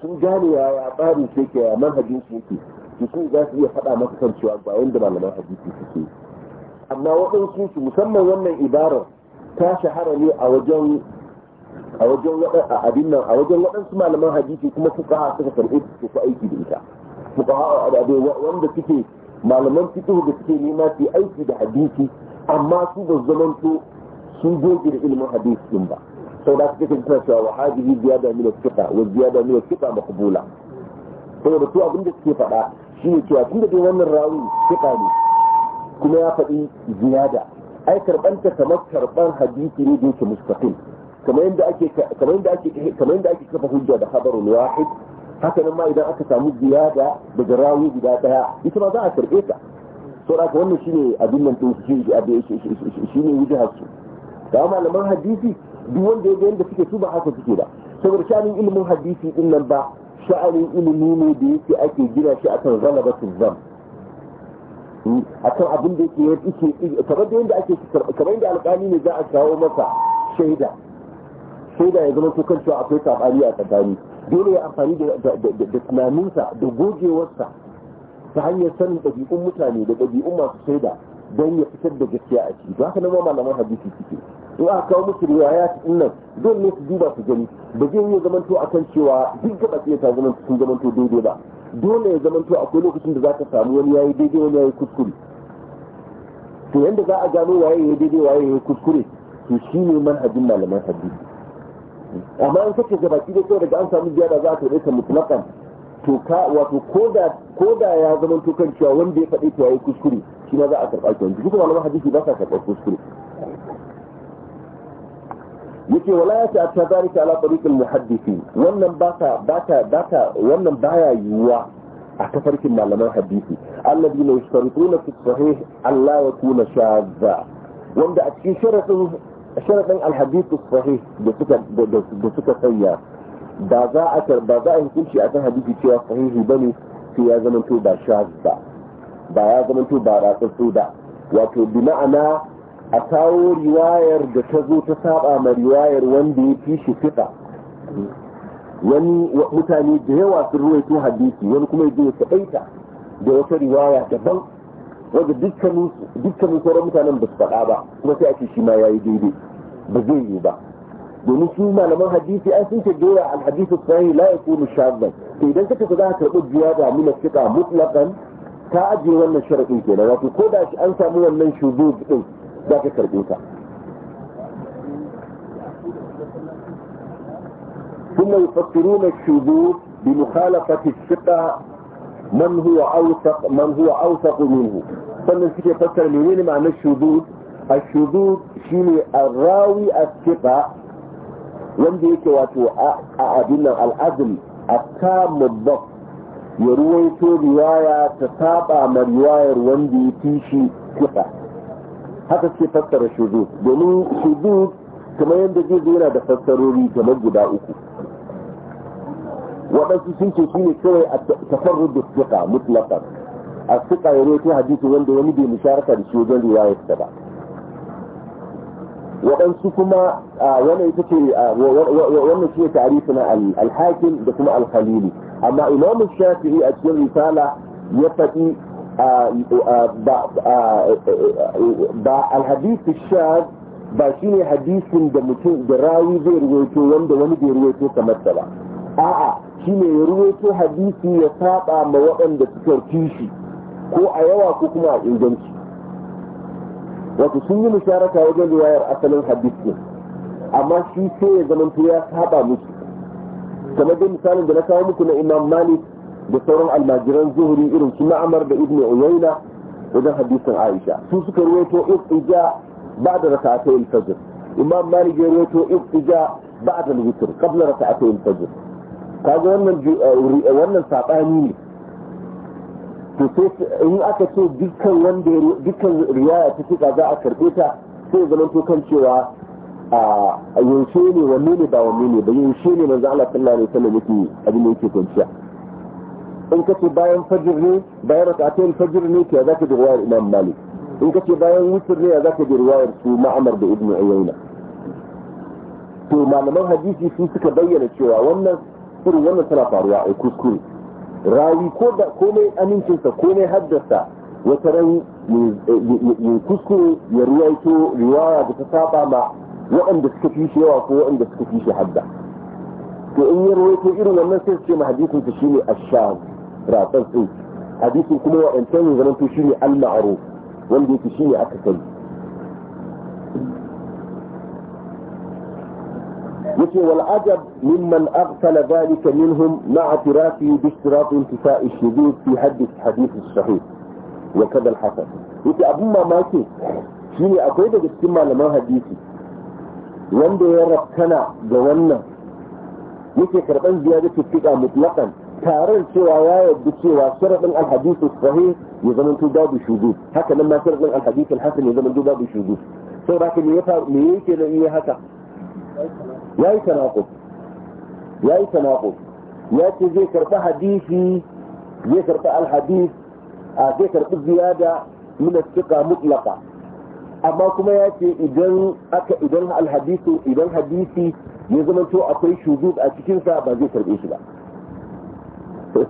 sun gane yaya tsarin su yake ya manhajin su yake su sun za su iya faɗa masa kan cewa ba yanda malaman hadisi suke amma waɗansu su musamman wannan ibarar ta shahara ne a wajen a wajen abin nan a wajen waɗansu malaman hadisi kuma fuqaha suka karɓi su fi aiki da ita fuqaha wanda suke malaman fiqh da suke nema su aiki da hadisi amma su ba zamanto su goge da ilimin hadis din ba sau da suke kan cewa wa hadihi ziyada min al-fiqa wa ziyada min al-fiqa maqbula saboda su abin da suke faɗa shine cewa tunda dai wannan rawi fiqa ne kuma ya faɗi ziyada ai karɓanta kamar karɓar hadisi ne da yake mustaqil kamar yadda ake kamar yadda ake kamar yadda ake kafa hujja da khabarun wahid haka nan ma idan aka samu ziyada daga rawi guda daya ita ma za a karbe ta to da wannan shine abin nan din shi abin shine wujhar su da malaman hadisi duk wanda ya ga yanda suke su ba haka suke ba saboda sha'anin ilimin hadisi din nan ba sha'anin ilimi ne da yake ake gina shi akan ghalabatul zam hmm, akan abin da yake yake kamar da yanda ake kamar yanda alƙali ne za a kawo masa shaida shaida ya zama ko kan akwai sabani a tsakani dole ya amfani da tunaninsa da gogewarsa ta hanyar sanin ɗabi'un mutane da ɗabi'un masu saida don ya fitar da gaskiya a ciki ba haka nan ma malaman hadisi suke in aka kawo musu riwaya su nan dole ne su duba su gani ba zai iya zamanto a kan cewa duk gaba ɗaya ta zama sun zamanto daidai ba dole ya zamanto akwai lokacin da za ka samu wani yayi daidai wani yayi kuskure to yanda za a gano waye ya daidai waye ya kuskure to shi ne manhajin malaman hadisi amma in kace gaba ki da daga an samu da za a tare mutlaqan to ka wato koda koda ya zama to kan cewa wanda ya faɗi to yayi kuskure shi ma za a karɓa shi duk malaman hadisi ba sa karɓar kuskure yake wala ya ta tabarika ala tariqil muhaddisi wannan ba ta ba ta ba ta wannan baya yiwuwa a tafarkin malaman hadisi alladina yashtarutuna fi sahih Allah ya kuna shadda wanda a cikin sharadin sharadin alhadith sahih da suka da suka sanya ba za a ba za a hukunci a kan hadisi cewa sahihi bane sai ya zama to ba shaz ba ba ya zama to ba ratsatsu da wato bi ma'ana a kawo riwayar da ta zo ta saba ma riwayar wanda ya fi shi fita wani mutane da yawa sun ruwaito hadisi wani kuma ya ya saɓaita da wata riwaya daban wanda dukkanin sauran mutanen ba su faɗa ba kuma sai a ce shi ma ya yi daidai ba zai yi ba domin su malaman hadisi an sun ce dole al hadisu sahi la yakunu shaddan to idan kace ku za ka karbi ziyada min fiqa mutlaqan ta ajiye wannan sharadin kenan wato ko da shi an samu wannan shuzuz din za ka karbe ta ثم يفكرون الشذوذ بمخالفة الثقة من هو أوثق من هو أوثق منه فمن سكي فكر منين معنى الشذوذ الشذوذ شيني الراوي الثقة wanda yake wato a abin nan al'azul a kamun bab ya ruwaito riwaya ta saba ma riwayar wanda ya fi shi kusa haka ce fassara shudu domin shudu kamar yadda zai yana da fassarori kamar guda uku waɗansu sun ce shi ne kawai a tafarru da suka mutlaka a suka ya ruwaito hadisi wanda wani bai musharaka da shi wajen ta ba waɗansu kuma wannan ita ce wannan shi tarihi na alhakim da kuma alhalili amma imam shafi'i a cikin risala ya faɗi ba alhadisi shaz ba shi ne hadisin da mutum da rawi zai ruwaito wanda wani bai ruwaito kamar ta ba a'a shi ne ya ruwaito hadisi ya saba ma waɗanda suka shi ko a yawa ko kuma a inganci wato sun yi musharaka wajen riwayar asalin hadis din amma shi sai ya zama ya saba musu kamar dai misalin da na kawo muku na imam malik da sauran almajiran zuhuri irin su na'amar da ibnu uyayna wajen hadisin aisha su suka ruwaito iftija ba'da raka'atay al-fajr imam malik ya ruwaito iftija ba'da al-witr qabla raka'atay al-fajr kaga wannan eh, eh, wannan sabani ne to sai in aka ce dukkan wanda dukkan riwaya ta tuka za a karbe ta sai zama to kan cewa a yaushe ne wanne ne ba wanne ne ba yaushe ne manzo Allah sallallahu alaihi wasallam yake abin da yake kwanciya in ka ce bayan fajr ne bayan rak'atun fajr ne ke zaka ji riwayar Imam Malik in ka ce bayan wutr ne zaka ji riwayar su Ma'mar da Ibn Uyayna to malaman hadisi su suka bayyana cewa wannan sirri wannan tana faruwa a kuskure rawi ko da komai amincinsa komai haddasa wata rai ya kuskure ya ruwaito riwaya da ta saba ma waɗanda suka fi shi yawa ko waɗanda suka fi shi hadda to in ya ruwaito irin wannan sai su ce ma hadisin ta shine ashab ratsan tsin hadisin kuma waɗancan ya zama to shine al-ma'ruf wanda yake shine aka sani yace wal ajab mimman aghfala dhalika minhum ma'a tirafi bi ishtirat intifa' ash-shudud fi hadith hadith as-sahih kada al-hasan yace abun mamaki shine akwai daga cikin malaman hadisi wanda ya rakkana ga wannan yake karban ziyadatu fiqa mutlaqan taron cewa ya yadda cewa sharaɗin alhadisu sahih ya zama to babu shudu haka nan ma sharaɗin alhadisu hasan ya zama babu sau me yake da iya haka ya yi tanakuf ya yi ya ce zai karɓi hadisi zai karɓi alhadis a zai karɓi ziyada min suka mutlaqa amma kuma ya ce idan aka idan alhadisu idan hadisi ya zama to akwai shudud a cikin sa ba zai karbe shi ba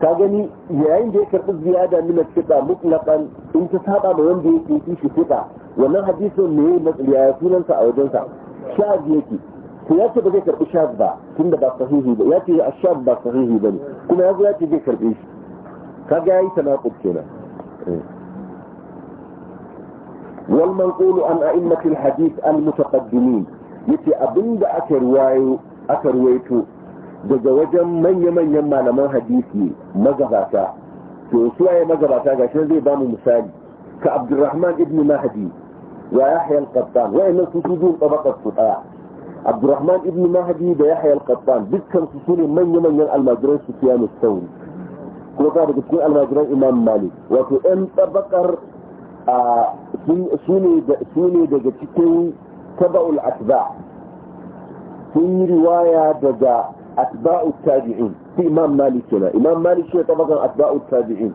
ka gani yayin da ya karɓi ziyada min suka mutlaqan in ta saba da wanda yake shi shi suka wannan hadisin ne ya sa a wajen sa sha yake ياتي بذكر الشاب ذا كنا بصحيح ذا ياتي الشاب بصحيح ذا كنا يقول ياتي بذكر إيش فجاء تناقض كنا والمنقول عن أئمة الحديث المتقدمين يتي أبن ذا أكرواي أكرويتو جزوجا من يمن يما لما حديثي مزغاتا في أسوأي مزغاتا عشان ذي بام مساج كعبد الرحمن ابن مهدي ويحيى القطان وإن الفسودون طبقة فتاة abdurrahman ibn mahdi da yahya al-qattan dukkan su sune manya-manyan almajiran sufyan al sauri kuma ka daga cikin almajiran imam malik wato ɗan tabakar su ne daga cikin taba'ul atba sun yi riwaya daga atba'u tabi'in su imam malik kenan imam malik shi ne tabakan atba'u tabi'in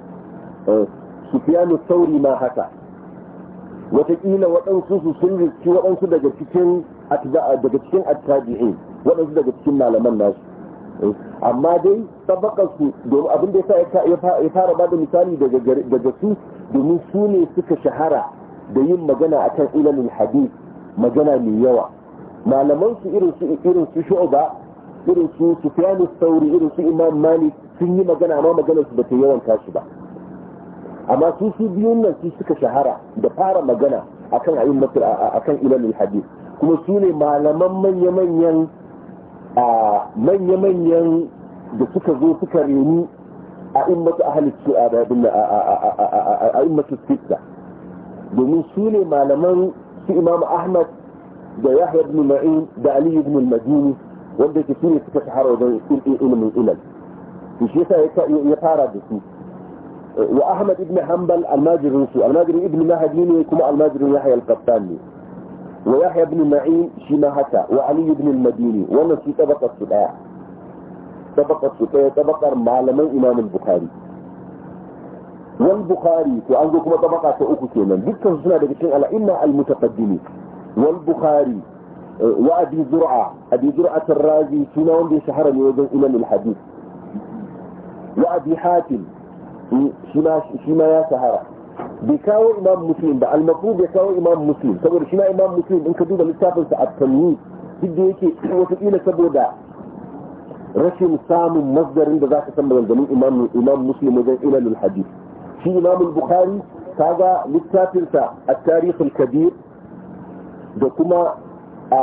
eh, sufyan al sauri ma haka wataƙila waɗansu su sun riski waɗansu daga cikin daga cikin attabi'in waɗansu daga cikin malaman nasu amma dai sabakarsu domin abin da ya fara ba da misali daga su domin su ne suka shahara da yin magana akan ilimin hadith magana mai yawa malaman su irin su irin su shu'ba irin su sufyan sauri irin su imam malik sun yi magana amma maganar su bata yawan tashi ba amma su su biyun nan su suka shahara da fara magana akan ayyukan akan ilimin hadith kuma su ne malaman manya-manyan a manya-manyan da suka zo suka reni a immatu ahalis su a babin a immatu sita domin su ne malaman su imam ahmad da yahya ibn ma'in da ali ibn al-madini wanda ke sune suka shahara wajen ilimin ilal to shi yasa ya fara da su wa ahmad ibn hanbal almajirin su almajirin ibn mahdi ne kuma almajirin yahya al-qattan ne ويحيى بن معين شماهتا هكا وعلي بن المديني ونسي في طبقة سلاح طبقة سلاح طبقة معلمة إمام البخاري والبخاري وعنده طبقة سأوكو كينا ذكر سنة لكي على إما المتقدمين والبخاري وأبي زرعة أبي زرعة الرازي سنة دي شهر يوزن إمام الحديث وأبي حاتم شما, شما يا سهره bai kawo imam muslim ba al bai kawo imam muslim saboda shi na imam muslim in ka duba littafin sa at-tanwi duk da yake wata kila saboda rashin samun masdarin da zaka san maganganun imam imam muslim wajen ilalul hadith shi imam al-bukhari kaga littafin sa at-tarikh al-kabir da kuma a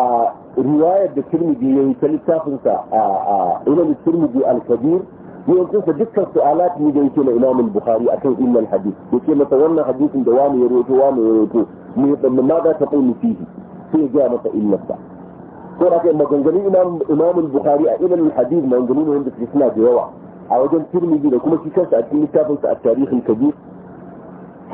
riwayar da tirmidhi yayi ta littafin sa a ilalul tirmidhi al-kabir yawancinsa dukkan su'alat ne da yake na imam al-bukhari akan illan hadith yake masa wannan hadisin da wani ya roto wani ya roto ne dan ma za ta kai fihi sai ya ga masa illarsa ko da kai maganganun imam imam al-bukhari a illan al-hadith maganganu ne wanda suke suna da yawa a wajen tirmidhi da kuma shi kansa a cikin littafin sa at-tarikh al-kabir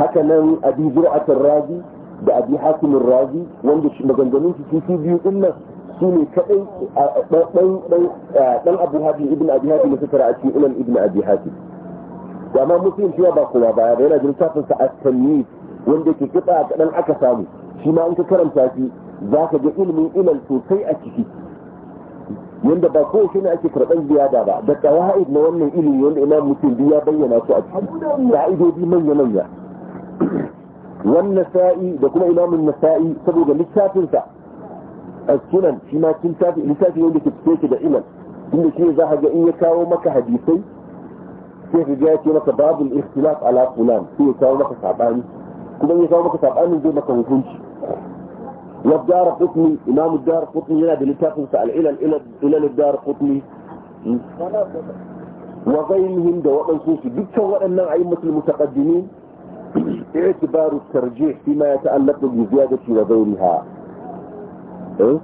haka nan abi zur'at ar-razi da abi hakim ar-razi wanda maganganun su su biyu din nan shi ne kaɗai ɗan abu hadi ibn abi hadi da suka ra'aci ilan ibn abi hadi da ma muslim shi ba kowa baya da yana jin tafin sa at wanda ke kiɗa kaɗan aka samu shi ma ka karanta shi za ka ga ilimin ilal sosai a ciki yanda ba ko shi ne ake karɓar ziyada ba da qawaid na wannan ilimi wanda imam muslim ya bayyana su a ciki ka'idodi manya manya wannan sa'i da kuma imamun nasa'i saboda littafinsa السنن فيما كنت لسات يقول لك تسويت دائما كل شيء ذا حاجة إن يكاو مك حديثي في رجاتي مك باب الاختلاف على فلان في يكاو مك تعبان كل من يكاو مك صعباني دي مك وفنش والدار قطني إمام الدار قطني هنا بلتاق مسأل إلى إلى الدار قطني وغيرهم دواء منصوص بكثر أن أئمة المتقدمين اعتبار الترجيح فيما يتعلق بزيادة وغيرها Eh?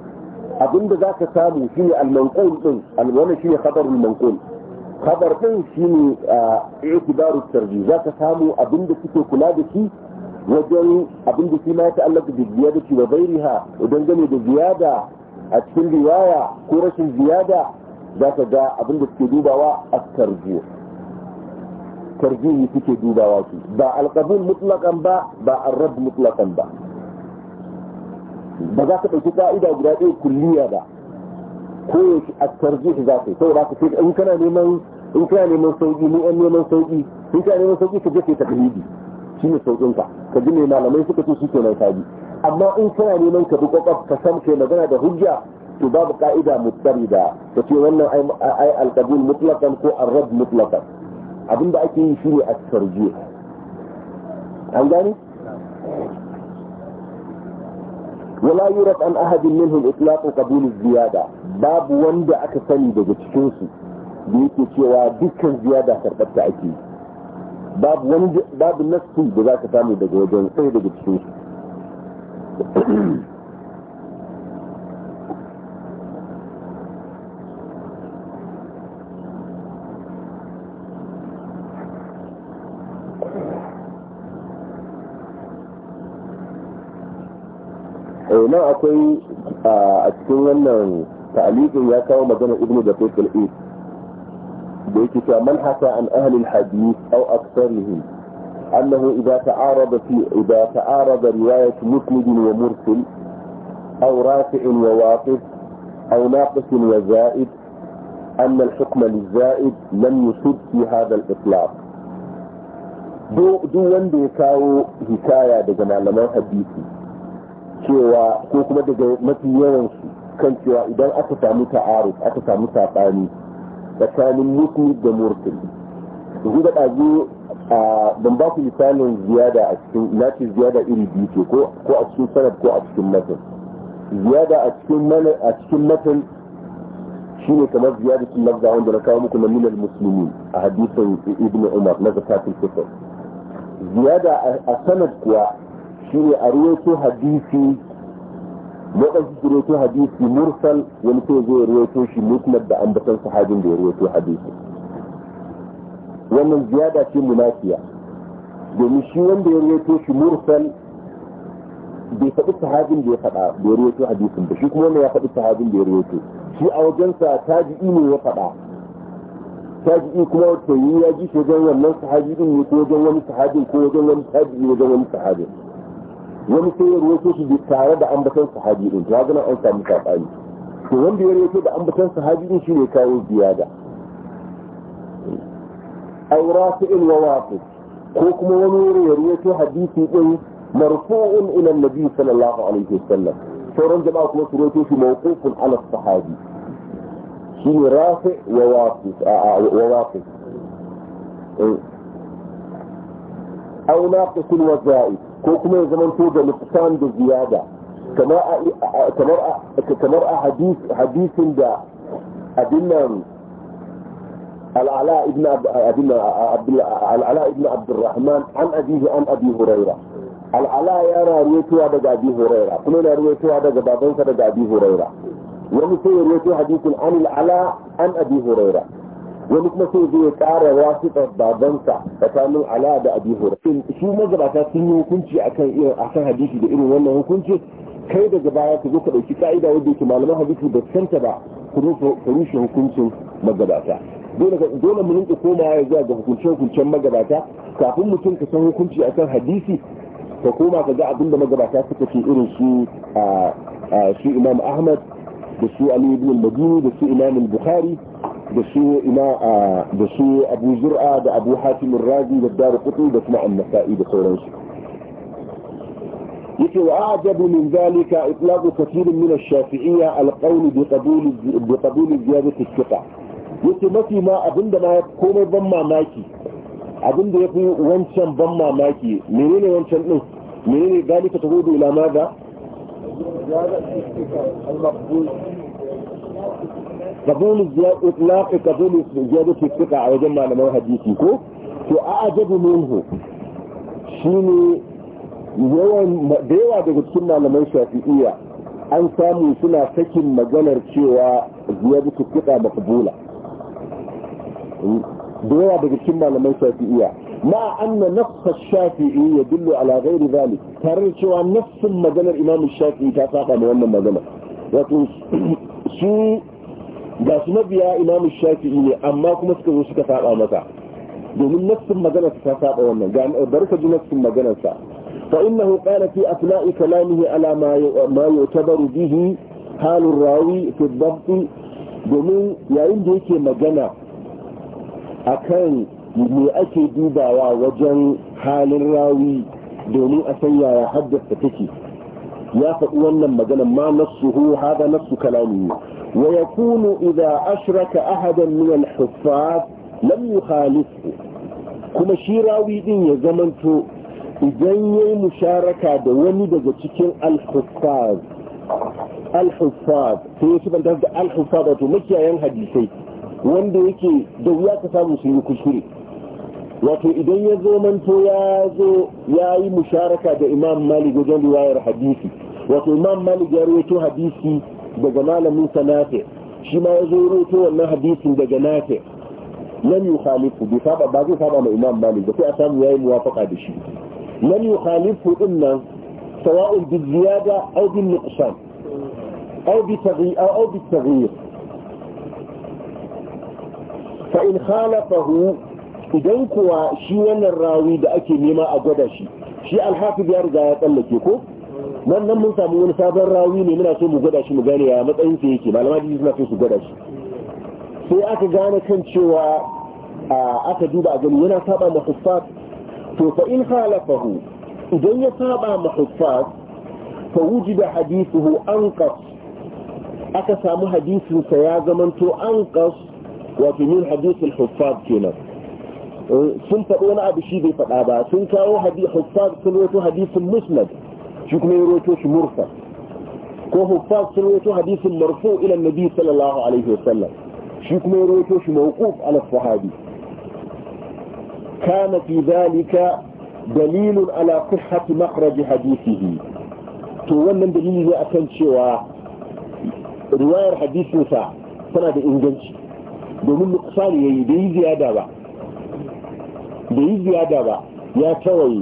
abinda za ka samu shine al-manqul din al-wani shine khabarul mankul khabar din shine eh, i'tibaru tarji za ka samu abinda suke kula da shi wajen abinda shi ma ya ta'allaka da ziyadati wa ghairiha idan gane da ziyada a cikin riwaya ko rashin ziyada za ka ga abinda suke dubawa a tarji tarji suke dubawa ba al-qabul mutlaqan ba ba ar-radd mutlaqan ba ba za ka ɗauki ka'ida guda ɗaya kulliya ba ko yaushe a tarjih za ka yi ba ka sai in kana neman in kana neman sauki mu an neman sauki in kana neman sauki ka je ka taklidi shine saukin ka ka ji mai malamai suka ce shike nan sabi amma in kana neman ka bi kokaf ka san kai magana da hujja to babu ka'ida mutarida ta ce wannan ai alqabul mutlaqan ko arrad mutlaqan abinda ake yi shine a tarjih an gani ولا يرد عن أحد منهم إطلاق قبول الزيادة باب وند أكثني بجتشنسي بيكي شوى دكا زيادة سرقبت عكي باب وند باب نفسي بذاك تامي بجوجين سيدة بجتشنسي to nan akwai a cikin wannan ta'alifin ya kawo magana ibnu da fiqh al da yake cewa man haka an ahli al aw aktharihim أنه إذا تعارض في إذا تعارض رواية مسند ومرسل أو رافع وواقف أو ناقص وزائد أن الحكم للزائد لم يصب في هذا الإطلاق دو دو وندي كاو حكاية بجمع لما حديثي cewa ko kuma daga mafi yawan su kan cewa idan aka samu ta'aruf aka samu saɓani tsakanin mutu da murtil yanzu da ɗazu ban ba ku misalin ziyada a cikin na ziyada iri biyu ce ko a cikin sanad ko a cikin matan ziyada a cikin a cikin matan shine kamar ziyada cikin lafza wanda na kawo muku na minal musulmi a hadisin ibn umar na zakatul fitr ziyada a sanad kuwa shine a ruwaito hadisi waɗansu su ruwaito hadisi mursal wani sai zai ruwaito shi mutlak da ambatan sahabin da ya ruwaito hadisi wannan ziyada ce munafiya domin shi wanda ya ruwaito shi mursal bai faɗi sahabin da ya faɗa da ya ruwaito hadisin ba shi kuma wanda ya faɗi sahabin da ya ruwaito shi a wajensa taji'i ne ya faɗa tabi'i kuma wata yi ya ji shi wajen wannan sahabi din ne ko wajen wani sahabin ko wajen wani tabi'i wajen wani sahabin wani sai ya ruwaito shi tare da ambaton sahabi din to ga an samu sabani to wanda ya ruwaito da ambaton sahabi din shine kawo ziyada aw rafi'in wa waqif ko kuma wani wuri ya ruwaito hadisi din marfu'un ila annabi sallallahu alaihi wasallam sauran jama'a kuma su ruwaito shi mawqufun ala sahabi shine rafi' wa waqif wa waqif أو ناقص وزائد كوكما يزمن توجه نقصان بزيادة كما كما كما حديث حديث دا أدنى العلاء ابن عبد العلاء ابن عبد الرحمن عن أبيه عن أبي هريرة العلاء يرى رويتها هذا أبي هريرة كنا رويتها هذا بابنك دقى أبي هريرة ومثل رويتها حديث عن العلاء عن أبي هريرة wani kuma sai zai ƙara wasiƙar babansa tsakanin ala da abi hurairah shi magabata sun yi hukunci akan irin akan hadisi da irin wannan hukunci kai daga baya ka zo ka ɗauki ka'ida wanda yake malaman hadisi ba santa ba ku rushe hukuncin magabata dole mu rinka komawa ya zuwa ga hukunce-hukuncen magabata kafin mutum ka san hukunci akan hadisi ka koma ka ga abinda magabata suka ce irin su su imam ahmad da su ali ibn madini da su imam bukhari da su ina da su abu zur'a da abu hatim al razi da daru kutu da kuma annasa'i da sauransu yake wa ajabu min zalika itlaqu kathirin min ash-shafi'iyya al-qawl bi qabul bi qabul ziyadati al thiqa yake mafi ma abinda ma komai ban mamaki abinda yafi wancan ban mamaki menene wancan din menene zalika gudu ila madha المقبول قبول إطلاق قبول زيادة الثقة على جمع لما حديثي كو فأعجب منه شيني yawan da yawa daga cikin malaman shafi'iyya an samu suna sakin maganar cewa ziyarci kuɗa makabula da yawa daga cikin malaman shafi'iyya ma anna nafsa shafi'i ya dillo ala ghairi zalik tare da cewa nafsin maganar imam shafi'i ta saba da wannan magana wato ga su mabiya imamu shafi'i ne amma kuma suka zo suka saba masa domin nafsin maganar ta saba wannan ga barka ji nafsin magana sa fa innahu qala fi asna'i kalamihi ala ma ma yutabaru bihi halin rawi fi dhabti domin yayin da yake magana akan me ake dubawa wajen halin rawi domin a san yaya haddasa take ya faɗi wannan magana ma nassuhu hada nassu kalamihi ويكون إذا أشرك أحدا من الحفاظ لم يخالفه كما شيراوي دين يزمنتو إذن يمشاركة دواني دقا تكين الحفاظ الحفاظ في يسيب أن تفضل الحفاظ ومكيا ينهدي سي wanda yake da wuya ka samu su yi kuskure wato idan ya zo manto ya zo ya yi musharaka da imam malik wajen riwayar hadisi wato imam malik ya rawaito hadisi daga malamin sa shi ma ya zo roto wannan hadisin daga nafi lam yukhalifu bi saba ba zai saba ma imam malik da sai a samu yayi muwafaqa da shi lam yukhalifu din nan sawa'un bi ziyada aw bi nuqsan aw bi taghyir aw bi taghyir fa in khalafahu idan kuwa shi wannan rawi da ake nema a gwada shi shi alhafiz ya riga ya tsallake ko nan nan mun samu wani sabon rawi ne muna so mu gwada shi mu gane ya matsayin sa yake malama da suna so su gwada shi sai aka gane kan cewa aka duba a gani yana saba ma huffaz to fa in halafahu idan ya saba ma huffaz fa wujida hadithuhu anqas aka samu hadisin sa ya zamanto anqas wato min hadithul huffaz kenan eh, sun faɗo wani abu shi bai faɗa ba sun kawo hadith huffaz sun wato hadisin musnad shi kuma ya roto shi mursa ko huffaz sun roto hadisin marfu ila nabi sallallahu alaihi wasallam shi kuma ya roto shi mawquf ala sahabi kana fi dhalika dalilun ala sihhati makhraj hadisihi to wannan dalili ne akan cewa riwayar hadisinsa tana da inganci domin nuqsani yayi da yi ziyada ba da yi ziyada ba ya tawaye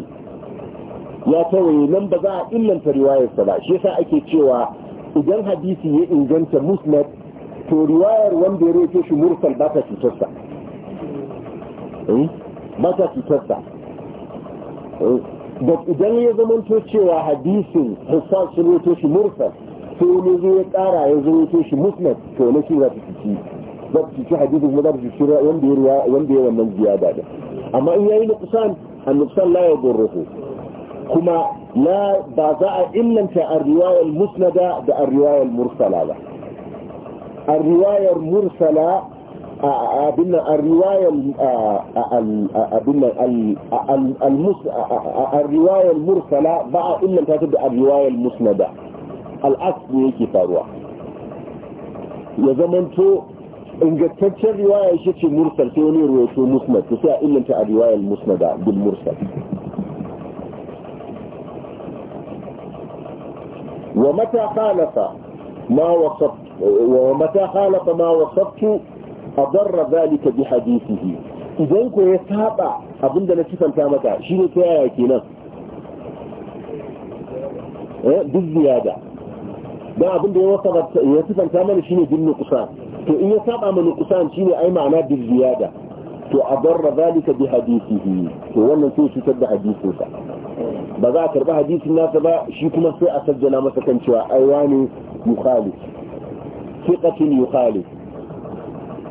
ya tawaye nan ba za a illanta riwayarsa ba shi yasa ake cewa idan hadisi ya inganta musnad to riwayar wanda ya roke shi mursal ba ta cutarsa eh? ba ta cutarsa da eh? idan ya zamanto cewa hadisin hassan sun roke shi mursal sai wani zo ya kara ya zo roke shi musnad to na shi za ta cuci za ta cuci hadisin kuma za ta cuci wanda ya wannan ziyada da amma in yayi nuqsan an nuqsan ya yadurruhu kuma na ba za a illanta arriwayar musnada da arriwayar mursala ba arriwayar mursala abin nan arriwayar abin nan mursala ba a inanta ta da arriwayar musnada al'as ne yake faruwa ya zamanto ingantaccen riwaya shi ce mursal sai wani ruwaito musnad sai a illanta a riwayar musnada bil mursal ومتى خالف ما وصفت ومتى خالف ما وصفت أضر ذلك بحديثه إذا أنك يتابع أبن دل كفن كامتا شنو كيا يكينا إيه؟ بالزيادة دا أبن دل يتفن كامتا شنو بالنقصان فإن يتابع من نقصان شنو أي معنى بالزيادة to a barra zalika bi hadisihi to wannan sai cutar da hadisinsa ba za a karba hadisin nasa ba shi kuma sai a sajjala masa kan cewa ai wani yukhalif thiqatin yukhalif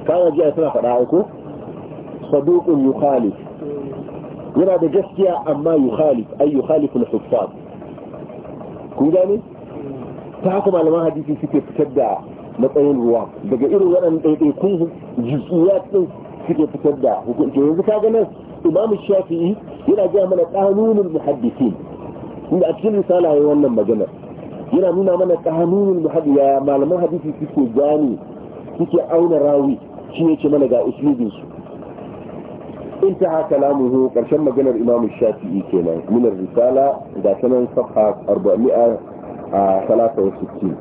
kana ji a suna faɗa ai ko saduqun yukhalif yana da gaskiya amma yukhalif ai yukhalif al-huffaz kun gane ta haka malaman hadisi suke fitar da matsayin ruwa daga irin waɗannan ɗaiɗaikun jisiyat ɗin suke fitar da hukunci yanzu ka ga nan imam shafi'i yana gaya mana qanunul muhaddisin inda a risala yayin wannan maganar yana nuna mana qanunul muhaddis malaman hadisi suke gane suke auna rawi shi ne ce mana ga uslubin su intaha kalamuhu karshen maganar imam shafi'i kenan min risala da sanan safha 463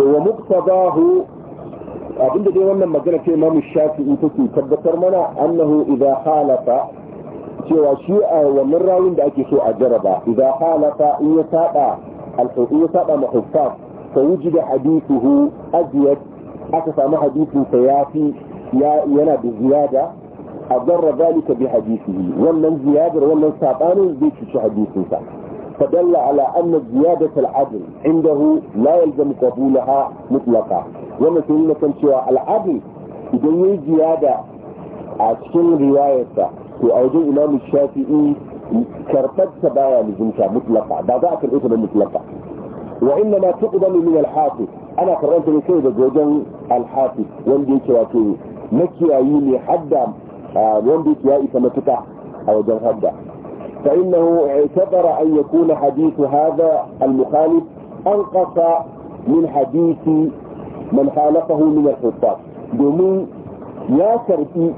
to wa muktabahu ya dai wannan magana ce Imam Shafi'i take tabbatar mana annahu idza halafa cewa shi a wannan rawin da ake so a jaraba idza halafa in ya saba al-hukum ya saba muhaffaf fa wujida hadithuhu azyad aka samu hadithin sa yafi yana da ziyada a zarra zalika bi hadithihi wannan ziyadar wannan sabanin zai ci hadisin فدل على أن زيادة العدل عنده لا يلزم قبولها مطلقا ومثل مثل كان شوى العدل إذا زيادة عشان روايته وأوجه إمام الشافعي كرتد سبايا لزمتها مطلقا بعدها الإثم المطلقة وإنما تقبل من الحافظ أنا قررت لكي بجوجل الحافظ وندي شواكيه مكي أيني حدا آه، وندي كيائي سمتك أو حدا فإنه اعتبر أن يكون حديث هذا المخالف أنقص من حديث من خالفه من الحفاظ دومين يا شرطي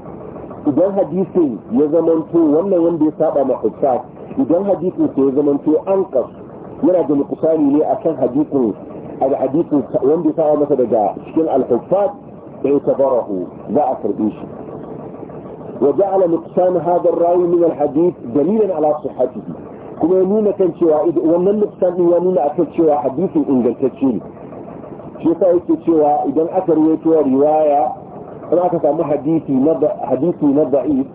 إذا حديثي يزمن تو ولا يندي سابع من الحفاظ إذا حديثي يزمن تو أنقص ولا دم قصاني لي أكثر حديثي الحديث يندي سابع من الحفاظ اعتبره لا أكثر بشيء وجعل نقصان هذا الراوي من الحديث دليلا على صحته كما يمين كان شوى ومن نقصان يمين أكد شوى حديث إن شو شوى شوى إذا أكد ويتوى رواية أنا أكد أمو حديثي نضع حديثي نضعيف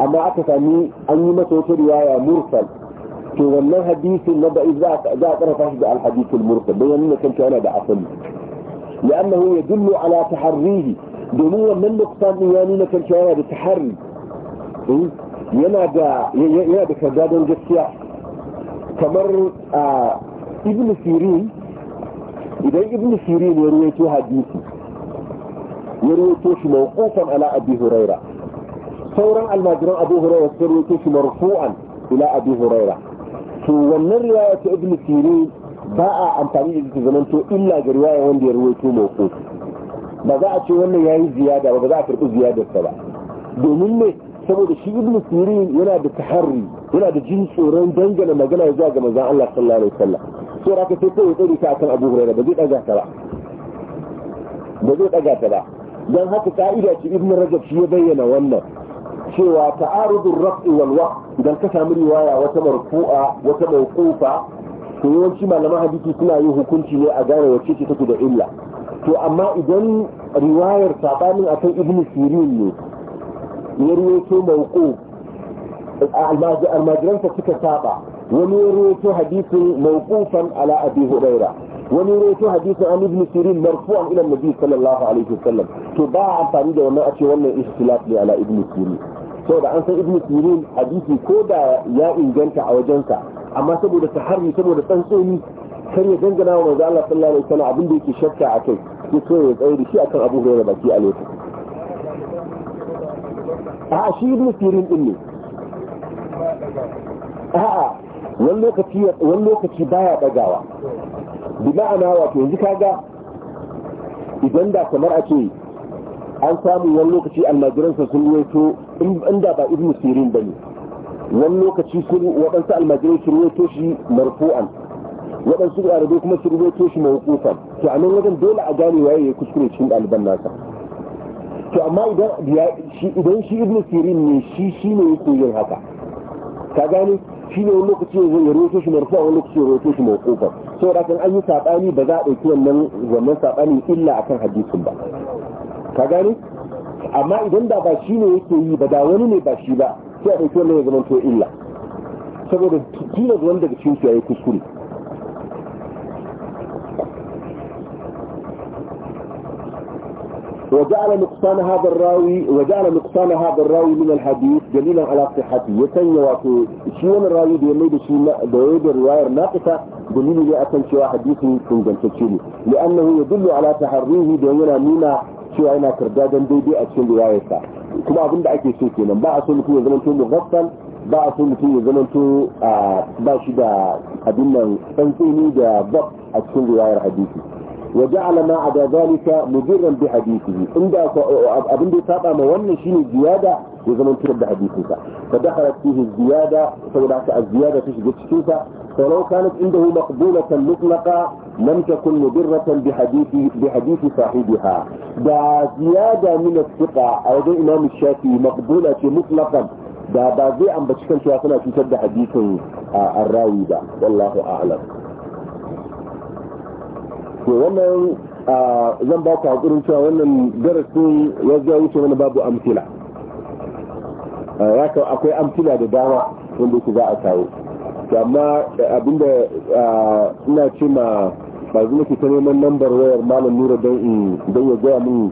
أما أكد أمي أن يمتوى رواية مرسل شوى من حديثي نضعيف ذا أكد أفهد الحديث المرسل بيمين كان شوى لأنه يدل على تحريه domin wannan nuksan din ya nuna kan cewa da tahari hmm? yana da yana da kaza don gaskiya kamar a ibn sirin idan ibn sirin ya ruwaito hadisi ya ruwaito shi mawqufan ala abi huraira sauran almajiran abu huraira sun ruwaito shi marfu'an ila abi huraira to wannan riwaya ta ibn sirin ba a amfani da ita zamanto illa ga riwaya wanda ya ruwaito mawquf ba za a ce wannan ya yi ziyada ba ba za a karɓi ziyadarsa ba domin ne saboda shi ibn sirin yana da taharri yana da jin tsoron dangane magana ya zuwa ga manzon Allah sallallahu alaihi wasallam so da ka sai kai tsari ka akan Abu Hurairah ba zai daga ta ba ba zai daga ta ba dan haka ka'ida ce ibn Rajab shi ya bayyana wannan cewa ta'arudur raf'i wal waqt idan ka samu riwaya wata marfu'a wata mawqufa to yawanci malaman hadisi suna yin hukunci ne a gane wacce ce take da illa to amma idan riwayar sabanin akan ibnu sirin ne ya ruwaito mauko almajiransa suka saba wani ya ruwaito hadisin mauqufan ala abi hudaira wani ya ruwaito hadisin an ibnu sirin marfu'an ila nabi sallallahu alaihi wasallam to ba amfani da wannan a ce wannan ikhtilaf ne ala ibnu sirin saboda an san ibnu sirin hadisi ko da ya inganta a wajensa amma saboda taharri saboda tsantsoni kan ya dangana wa manzo Allah sallallahu alaihi wasallam abin da yake shakka kai. ya ya tsaye shi akan abu hurera baki a lokacin a shi ibn sirin din ne a'a wani lokaci wani lokaci baya dagawa bi ma'ana wato yanzu kaga idan da kamar a ce an samu wani lokaci almajiransa sun ruwaito inda ba ibn sirin bane wani lokaci sun waɗansu almajirai sun ruwaito shi marfu'an waɗansu ɗalibai kuma su rubuto shi mai kusan to a nan wajen dole a gane waye ya kuskure cikin ɗaliban nasa to amma idan idan shi ibnu sirin ne shi shi ne yake yin haka ka gane shi ne wani lokaci ya rubuto shi a wani lokaci ya rubuto shi mai kusan saboda kan an yi saɓani ba za a ɗauki wannan wannan saɓani illa akan hadisin ba ka gane amma idan da ba shi ne yake yi ba da wani ne ba shi ba sai a ɗauki wannan ya zama to illa saboda tilas wani daga cikin su ya yi kuskure وجعل نقصان هذا الراوي وجعل نقصان هذا الراوي من الحديث دليلا على صحته يسن واتو شيون الراوي دي يميد شي دويد الرواية ناقصة دليل لي أكن شوى حديثي كنجل تشيلي لأنه يدل على تحريه دينا مينا شوى أنا كردادا دي دي أكشن رواية سا كما أظن دا أكي شيء كينا باع سنة كي يزمن تو مغفل باع سنة كي يزمن تو باشي دا أدلنا تنسيني دا ضبط أكشن رواية حديثي وجعل ما عدا ذلك مجرا بحديثه عند ابن دي تابع ما الزيادة shine ziyada ya zama فدخلت فيه الزيادة الزيادة fa dakhalat fihi فلو كانت عنده مقبولة مطلقة لم تكن مضرة بحديث بحديث صاحبها دا زيادة من الثقة أو دا إمام الشافعي مقبولة مطلقا دا با زي أن بتشكل في تنا تشد حديث آه، الراوي دا والله أعلم to wannan zan ba ku hakurin cewa wannan darasin ya wuce wani babu amfila ya ka akwai amfila da dama wanda ku za a kawo amma abinda ina ce ma ba zuwa ke ta neman lambar wayar malam nura don ya gaya min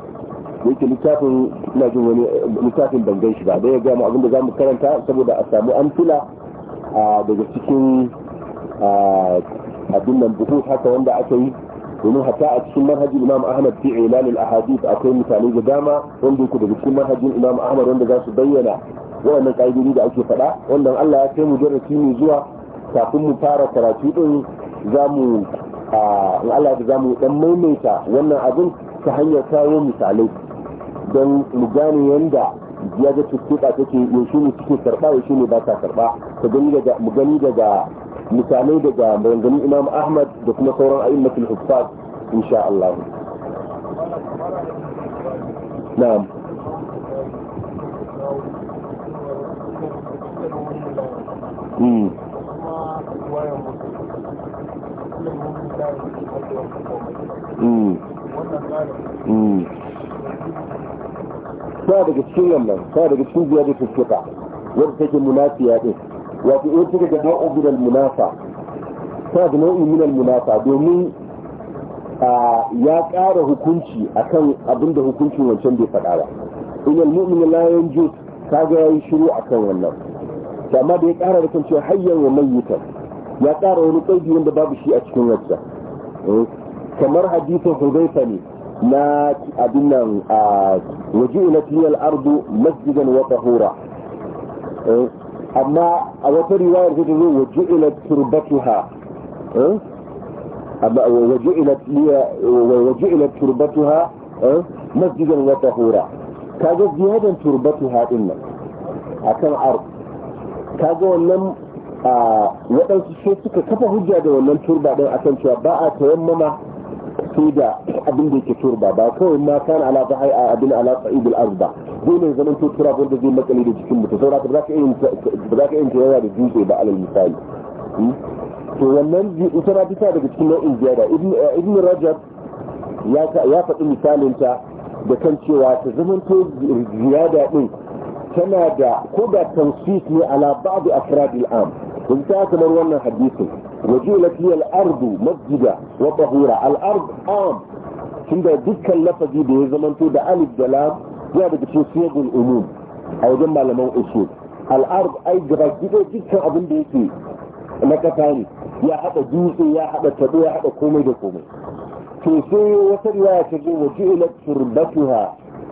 yake littafin ina jin wani littafin ban shi ba don ya gaya mu abinda za mu karanta saboda a samu amfila daga cikin abin nan buhu haka wanda aka yi domin hatta a cikin manhajin imam ahmad fi ilal al ahadith akwai misalai da dama wanda yake daga cikin manhajin imam ahmad wanda za su bayyana wannan kaidodi da ake faɗa wanda Allah ya kai mu darasi mu zuwa kafin mu fara karatu din za mu in Allah ya za mu dan maimaita wannan abin ta hanyar kawo misalai don mu gane yanda ya ga tuttuɗa take yaushe mu suke karɓa yaushe ne ba ta karɓa ta gani daga mu gani daga misalai daga maganganun imam ahmad da kuma sauran ayyukan huffaz insha Allah na'am Mm. Mm. Mm. daga cikin wannan ta daga cikin biyar da wadda take munafiya din wato ya cika ga nau'in min al-munafa ta da nau'in min al-munafa domin ya ƙara hukunci akan abinda hukuncin wancan bai faɗa ba in al-mu'min la yanjut kaga yayi shiru akan wannan to amma da ya ƙara da kan cewa hayyan wa mayyitan ya ƙara wani kaidi wanda babu shi a cikin wacce eh, kamar hadisin Hudayfa ne na abin nan waje na tiyal ardu masjidan wata hora. Eh, amma a wata riwayar ta zo waje ila turbatuha waje ila waje ila turbatuha eh? masjidan wa tahura kaga ziyadan turbatuha din nan akan ar kaga wannan waɗansu sai suka kafa hujja da wannan turba din akan cewa ba a tayammama sai da abin da yake turba ba kawai ma kan ala ta hai abin ala sa'idul arz ba dole zaman to tura wanda zai makale da jikin mutum saboda ba za ka yin ba za ka yin tayar da dutse ba alal misali hmm? to wannan ita na bisa daga cikin nau'in ziyada eh, ibn rajab ya faɗi misalinta da kan cewa ta zaman to ziyada din tana da ko da tansis ne ala ba'd afradil am كنت اتمنى ان حديثه وجئت لي الارض مسجدا وطهورا الارض ام كنت دك لفظي ده زمان تو ده الف جلاب يا ده تشيغ الامور او ده ما لم اصول الارض اي جبل دي دك ابن دي في لك ثاني يا حدا جوسي يا حدا تدو يا حدا كومي ده كومي تشيغ وتريا تجي وجئت تربتها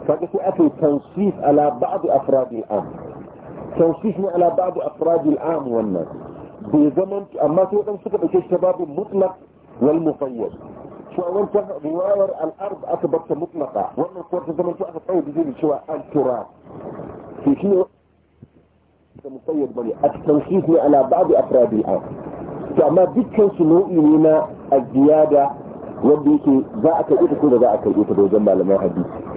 فكتي اكل تنصيف على بعض افراد الامر توصيفني على بعض أفراد العام والناس بزمن أما تقدم سكب الشباب المطلق والمقيد شو أنت رواية الأرض أثبت مطلقة وأنا في زمن شو أخذ أول طيب بزيل شو التراب في شنو مقيد بني التوصيفني على بعض أفراد العام فما بيك سنوئي لنا الزيادة wanda ذاك za a ذاك ta ko da za a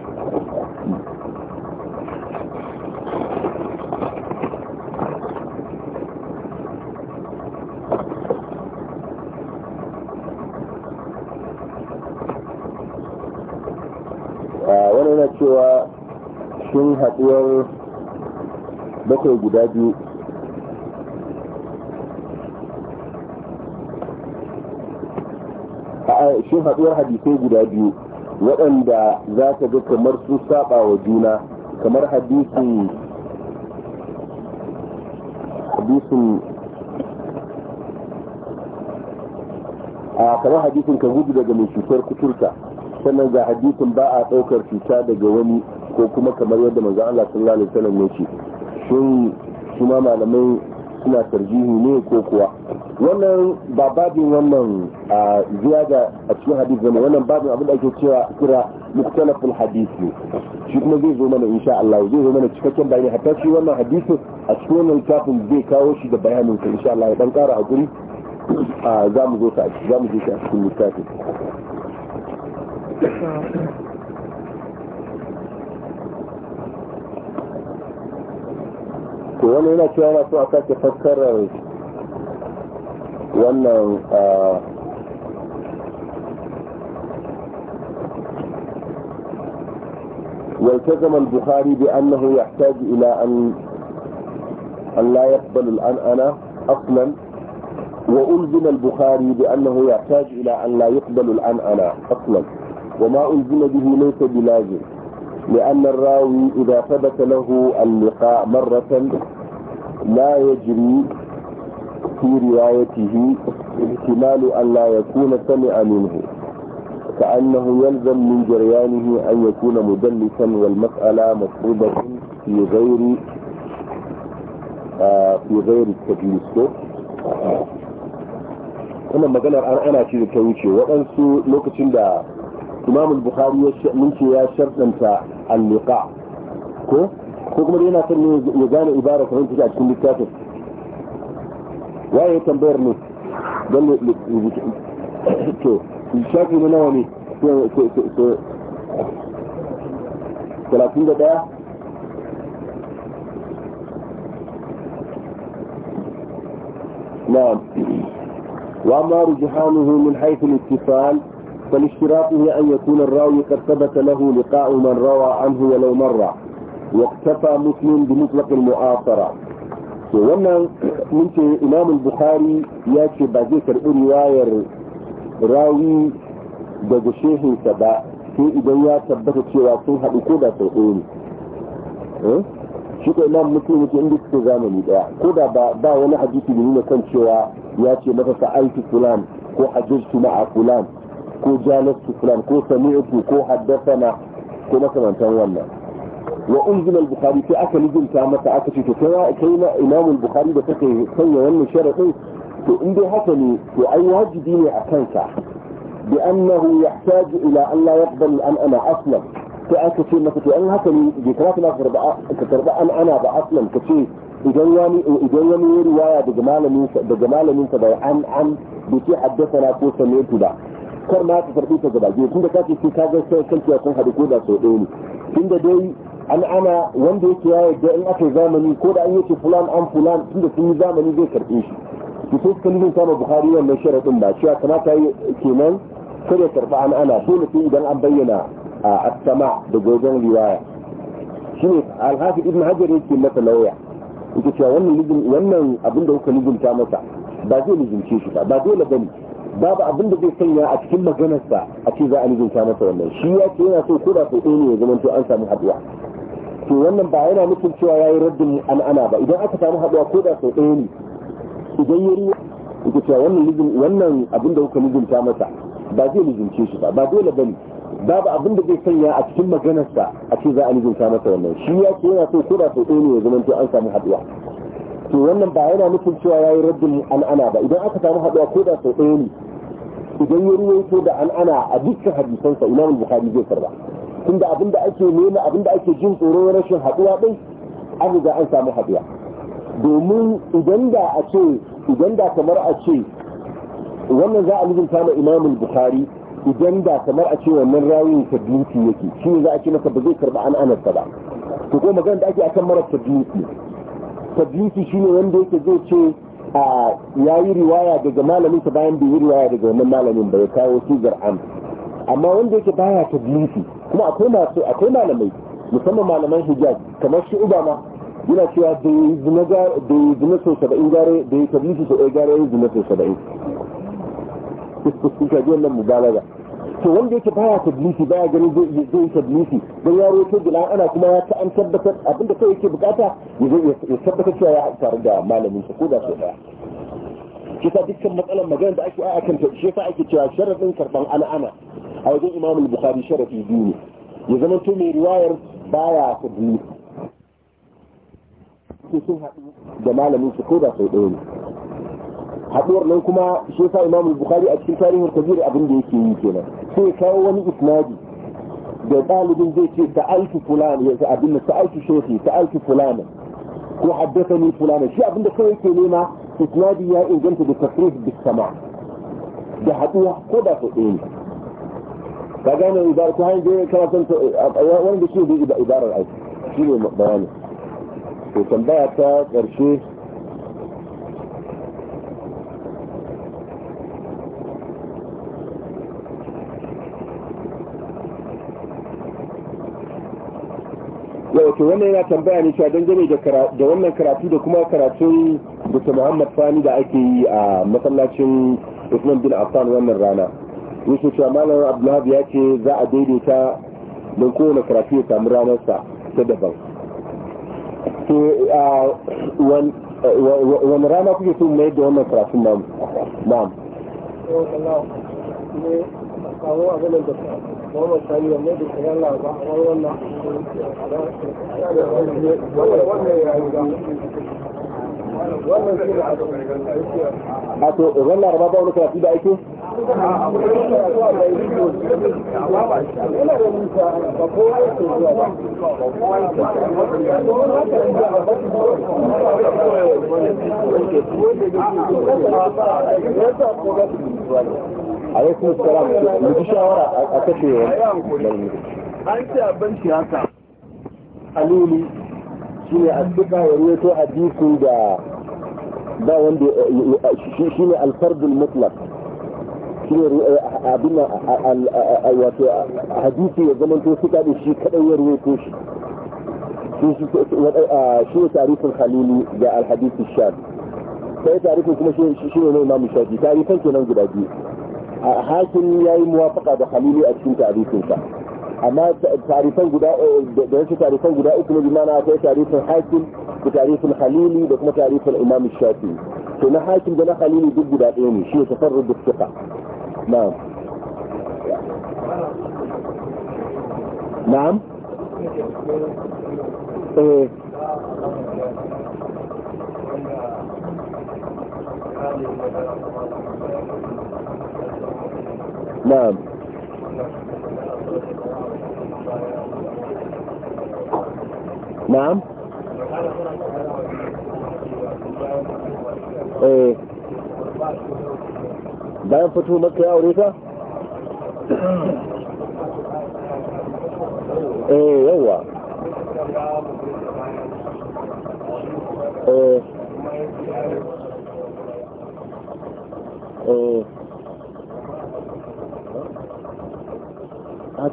cewa sun haɗuwar bakwai guda biyu shin haɗuwar hadisai guda biyu waɗanda za ka ga kamar su saba wa juna kamar hadisin hadisin a kamar hadisin ka gudu daga mai cutar kuturta sannan ga hadisin ba a ɗaukar cuta daga wani ko kuma kamar yadda manzo Allah sallallahu alaihi wasallam ya ce shin kuma malamai suna tarjihi ne ko kuwa wannan ba babin wannan ziyada a cikin hadis zama wannan babin abin da ake cewa kira muktalaful hadis ne shi kuma zai zo mana insha Allah zai zo mana cikakken bayani hatta shi wannan hadis a cikin wannan kafin zai kawo shi da bayanin sa insha Allah ya dan kara hakuri za mu zo ta za mu je ta cikin littafin wani هنا cewa yana so a sake fassarar والتزم البخاري بأنه يحتاج إلى أن أن لا يقبل الان انا أصلا وألزم البخاري بأنه يحتاج إلى أن لا يقبل الان انا أصلا وما ألزم به ليس بلازم لأن الراوي إذا ثبت له اللقاء مرة لا يجري في روايته احتمال أن لا يكون سمع منه كأنه يلزم من جريانه أن يكون مدلسا والمسألة مفروضة في غير آه في غير التدليس wannan maganar an ana ce ta wuce waɗansu lokacin da imam al-bukhari mun ce ya shartanta al-liqa ko ko kuma yana son ne ya gane ibara kan take a cikin littafin waye tambayar ne don to shafi na nawa ne talatin da daya نعم وأما رجحانه من حيث الاتصال فالاشتراط هي أن يكون الراوي قد ثبت له لقاء من روى عنه ولو مرة واكتفى مسلم بمطلق المعاصرة وانا منك إمام البخاري ياتي بعدك الرواية راوي دج شيخ سبا في إدوية ثبت تواصلها بكودة تقول شكو إمام مسلم يتي عندك تزامن إذا كودة با ولا حديث من هنا كان شواء ياتي مثلا فعلت فلان وحججت مع فلان ko jalastu fulan ko sami'tu ko haddathana ko makamantan wannan wa unzila al-bukhari sai aka lizinta masa aka ce to kai kai na imam al-bukhari da take sanya wannan sharadin to in dai haka ne to ai wajibi ne a kanka bi annahu yahtaj ila an la yaqbal an ana aslam sai aka ce masa to an haka ne bi kamata na ka karba an ana ba aslam ka ce idan wani idan wani riwaya daga malamin daga malamin sa bai an an bi bai haddasa na ko sami'tu ba kar ma ka karɓi ta gaba tun da kake ce ka ga sai kan cewa kun haɗu ko da sau ɗaya ne tun da dai an ana wanda yake ya yarda in aka zamani ko da an yake fulan an fulan tun da sun yi zamani zai karɓe shi to sai suka nuna sama bukari wannan sharaɗin ba cewa kamata kenan kada ya karɓa an ana dole sai idan an bayyana a asama da gogon riwaya shi ne alhafi ibn hajar yake masa lauya yake cewa wannan abin da kuka ta masa ba zai nizince shi ba ba dole ba ne babu abin da zai sanya a cikin maganarsa a ce za a lizinta masa wannan shi ya ce yana so ko da ko ne ya zama to an samu haɗuwa to wannan ba yana nufin cewa ya yi raddin al'ana ba idan aka samu haɗuwa ko da ko ɗaya ne idan ya riya ita cewa wannan wannan abin da kuka lizinta masa ba zai lizince shi ba ba dole ba ne babu abin da zai sanya a cikin maganarsa a ce za a lizinta masa wannan shi ya ce yana so ko da ko ne ya zama to an samu haɗuwa to wannan ba yana nufin cewa yi raddin an'ana ba idan aka samu haɗuwa ko da sau ɗaya ne idan ya ko da an'ana a dukkan hadisansa imam bukhari zai karba tunda abinda ake nema abinda ake jin tsoro rashin haɗuwa ɗin an riga an samu haɗuwa domin idan da a ce idan da kamar a ce wannan za a mijinta ma imam bukhari idan da kamar a ce wannan rawin tabbiti yake shi ne za a ce masa ba zai karba an'anarsa ba to ko magana da ake akan mara tabbiti shi ne wanda yake zai ce ya yi riwaya daga malamin sa bayan bai yi riwaya daga wannan malamin bai ya kawo sigar am amma wanda yake baya tablisi kuma akwai masu akwai malamai musamman malaman hijab kamar shi uba yana cewa da yi zina sau saba'in gare da yi tadlisi sau ɗaya gare ya zina sau saba'in kuka ji wannan mubalaga to wanda yake baya tablisi baya ganin zai yi tablisi don yaro ya roto gila ana kuma ya ta an tabbatar abinda kai yake bukata ya zai ya tabbatar cewa ya tare da malamin sa ko da so daya shi sa dukkan matsalar magana da ake a kan shi sa ake cewa sharadin karban al'ana a wajen Imam bukari bukhari sharafi biyu ne ya zama to mai riwayar baya tablisi sun haɗu da malamin su ko da sau ɗaya ne haɗuwar nan kuma shi yasa Imam Bukhari a cikin tarihin kabir abin da yake yi kenan sai kawo wani isnadi da ɗalibin zai ce ta'altu fulan ya sa abin da ta'altu shofi ta'altu fulan ko haddathani fulan shi abin da kawai yake nema isnadi ya inganta da tafsir da sama da haɗuwa ko da ko ɗaya ka gane ibar ta hanyar da kana son wanda shi da ibarar aiki shi ne bayani to tambaya ta ƙarshe to wannan yana tambaya ne cewa dangane da wannan karatu da kuma karatun Dr. Muhammad fani da ake yi a masallacin Usman bin Affan wannan rana. Yusuf cewa Malam Abdullahi ya ce za a daidaita don kowane karatu ya samu ranarsa ta daban. To wani rana kuke so mai da wannan karatun namu? Na'am. Kawo abin da وهو الثاني يمد خلال الأربعة ولا ولا Wato, ran laraba ba wani karatu da ake? Thank alaikum salam mu ji shawara a kashe wani an ce abin siyasa shi ne ya da ba wanda shi ne shi ne eh, abin wato hadisi ya zama to suka da shi kadai ya shi shi ne tarifin halili da alhadisi sai tarifin kuma shi ne na shafi kenan guda biyu hakin yayi muwafaka da halili a cikin sa amma tarifan guda da rashin tarifan guda uku na jimana akwai tarifin hakin da tarifin halili da kuma tarifin imam shafi to na hakin da na halili duk guda ɗaya ne shi ne tafarru da suka na'am na'am eh na'am na'am eh bayan fito maka ya aure ta eh yawa eh eh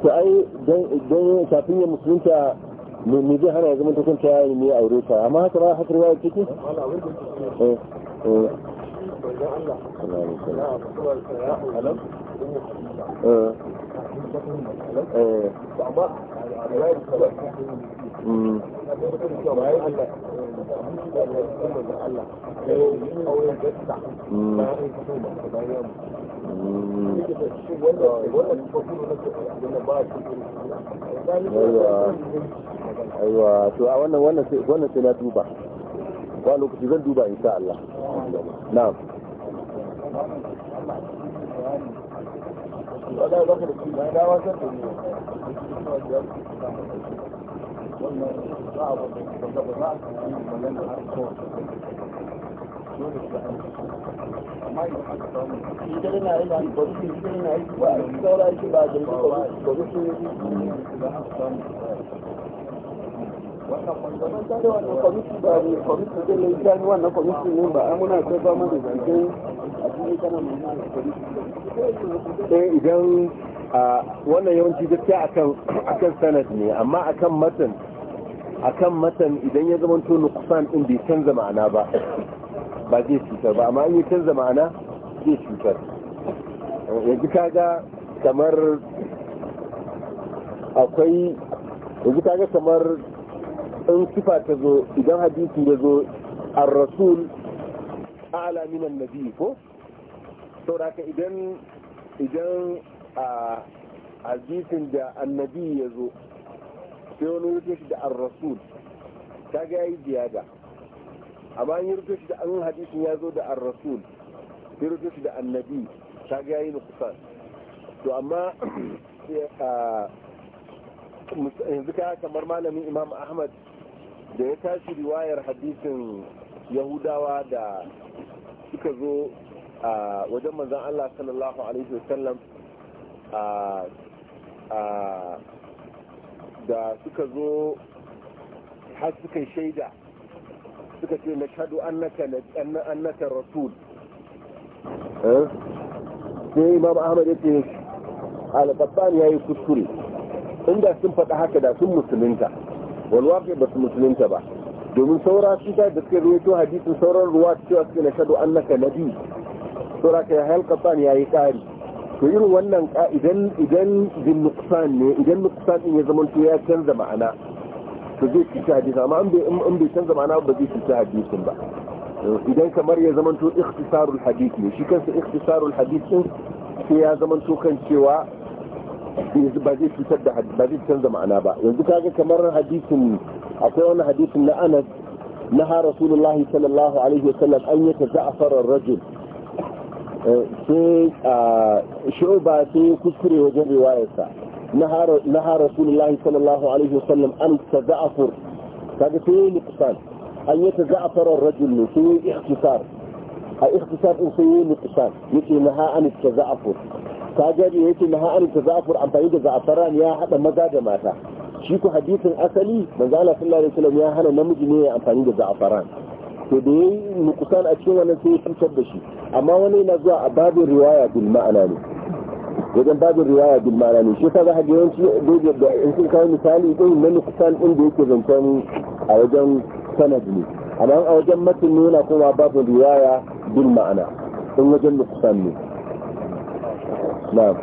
to ai don kafin ya musulunta mai zai hana ya zama ta kwanta yayin ne aure ta amma haka ba haka riwaya ciki? eh, eh. aiwa to a wannan wannan sai na duba ba lokaci zan duba insha Allah da shi na sai ne wannan kwamiti ba a ba a cikin kana idan ah, wannan yawanci gaskiya akan sanad ne amma akan matan akan matan idan ya zama to nukusan din bai canza ma'ana ba ba zai cutar ba amma in ya canza ma'ana zai cutar yanzu kaga kamar akwai yanzu kaga kamar in sifa ta zo idan hadisi ya zo ar-rasul a'la min an-nabi ko saboda idan idan a ah, hadisin da annabi ya zo sai wani rufe shi da an rasul ta ga yayi ziyada amma an yi rufe shi da an hadisin ya zo da an rasul sai rufe shi da annabi ta ga yi nuqsan to amma ah, yanzu ka kamar malamin imam ahmad da ya tashi riwayar hadisin yahudawa da suka zo a ah, wajen manzan allah sallallahu alaihi wasallam a ah, da suka zo har suka yi shaida suka ce na shaɗu annaka rasul eh? sai imam ahmad ya ce al ya yi kuskure inda sun faɗa haka da sun musulunta walwaƙi ba su musulunta ba domin saura su ta da suka to hadisin sauran ruwa cewa suke na shaɗu annaka nabi saura ka ya halƙattan ya yi ƙari to irin wannan idan idan bin nuqsan ne idan nuqsan din ya zama ya canza ma'ana to zai cuta hadisi amma in bai canza ma'ana ba zai cuta hadisin ba idan kamar ya zama to ikhtisarul hadith ne shi kansa ikhtisarul hadith sai ya zama to kan cewa ba zai cutar da ba zai canza ma'ana ba yanzu kaga kamar hadisin akwai wani hadisin na Anas na ha Rasulullahi sallallahu alaihi wasallam an yata za'afara rajul Sai shu'ba sai ya kuskure wajen riwayarsa naha rasulullahi sallallahu alaihi wasallam an taza'afur kaga sai ya nuqsan an yi taza'afar ar-rajul sai yi ikhtisar a ikhtisar din sai yi nuqsan yace naha an taza'afur kaga ne yace naha an taza'afur amfani da za'afaran ya hada maza da mata shi ku hadisin asali manzo Allah sallallahu alaihi wasallam ya hana namiji ne ya amfani da za'afaran to da ya yi nukusan a cikin wannan sai ya cutar da shi amma wani yana zuwa a babin riwaya bil ma'ana ne wajen babin riwaya bil ma'ana ne shi yasa za ka ga yawanci da in sun kawo misali irin na nukusan ɗin da yake zancen a wajen sanad ne amma a wajen matin ne yana kuma babin riwaya bil ma'ana in wajen nukusan ne na'am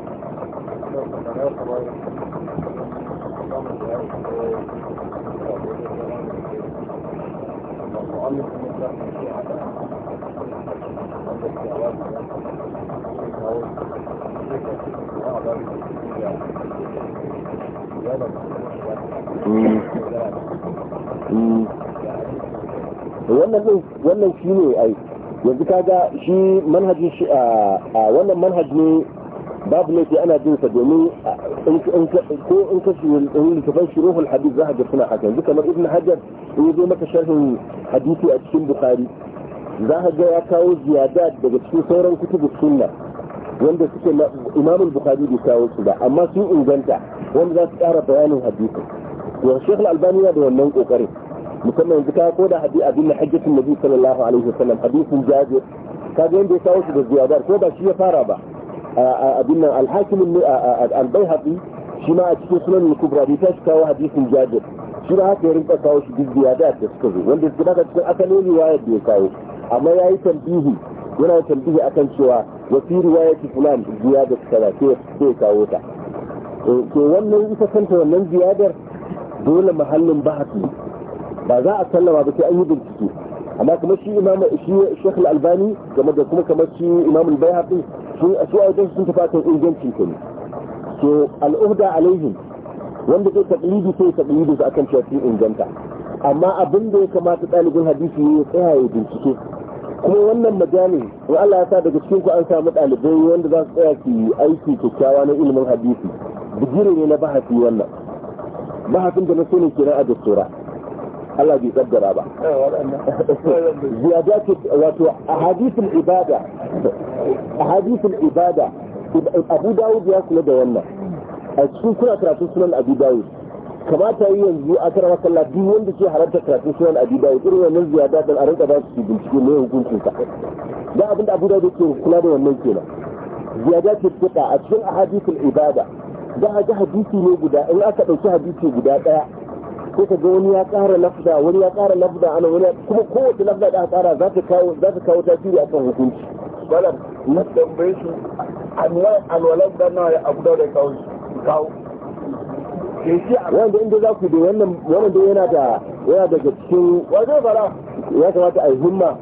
Thank you. wannan din wannan shi ne ai yanzu kaga shi manhaji shi a wannan manhaj ne babu laifi ana jin sa domin ko in ka shirin littafin shiruhul hadith za a ga suna haka yanzu kamar ibn hajar in yi zo maka sharhin hadisi a cikin bukhari za ka ga ya kawo ziyada daga cikin sauran kutubu sunna wanda suke na imamul bukhari bai kawo su ba amma sun inganta wanda za su ƙara bayanin hadisin to shekul albani yana da wannan kokarin musamman yanzu ka ko da hadisi abin na hajjatin nabi sallallahu alaihi wasallam hadisin jaje ka ga yanda ya kawo su da ziyadar ko ba shi ya fara ba abin nan alhakim albayhaqi shi ma a cikin sunan kubra bai ta kawo hadisin jaje shi ma haka ya rinka kawo shi duk ziyadar da suka zo wanda suka daga cikin asalin riwayar da ya kawo amma ya yi tambihi yana tambihi akan cewa wa fi riwayati fulan ziyada kaza sai sai kawo ta to wannan ita kanta wannan ziyadar dole mahallin bahasi ba za a sallama ba sai an yi bincike amma kamar shi imam shi Sheikh Al-Albani game da kuma kamar shi Imam Al-Baihaqi sun su aidan sun tafi kan inganci ne to al-uhda alaihim wanda zai tablidi sai tablidi su akan cewa sun inganta amma abin da ya kamata ɗalibin hadisi ya tsaya ya bincike kuma wannan majami wa Allah ya sa daga cikin ku an samu ɗalibai wanda za su tsaya yi aiki kyakkyawa na ilimin hadisi bigire ne na bahasi wannan bahasin da na so ne kenan a Allah bai tsaddara ba ziyada ce wato a hadisin ibada a hadisin ibada Abu Dawud ya kula da wannan a cikin kuna karatun sunan Abu Dawud kamata yi yanzu a kara masalla duk wanda ke halarta karatun sunan abi da irin wannan ziyada dan a rinka ba su bincike ne hukuncin ka da abin da abu da ke kula da wannan kenan ziyada ce fita a cikin ahadithul ibada da a ga hadisi ne guda in aka ɗauki hadisi guda ɗaya ko ka ga wani ya ƙara lafda wani ya ƙara lafda ana wani kuma kowace lafda da aka ƙara za ta kawo za ta kawo tasiri kan hukunci malam na tambaye su anwar alwalar da na ya abu da kawo kawo wanda inda za ku da wannan wannan da yana da yana da cikin wajen fara ya kamata a yi himma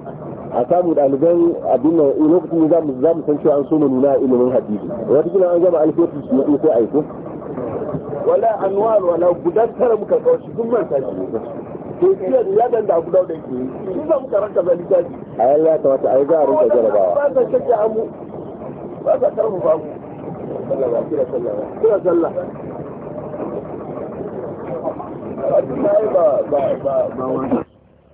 a samu ɗaliban abin nan eh, lokacin da za mu san cewa an so mu nuna ilimin hadisi wata kila an gama alfetu su yi sai aiko wala anwar wala gudan tara muka kawo duk man shi to jiya ya dan da abu da ke shi za mu karanta da litafi a yalla ya kamata ai za a rinka jarabawa ba ta shakka amu ba ta karfafa mu sallallahu alaihi wasallam sallallahu alaihi ba ba ba ba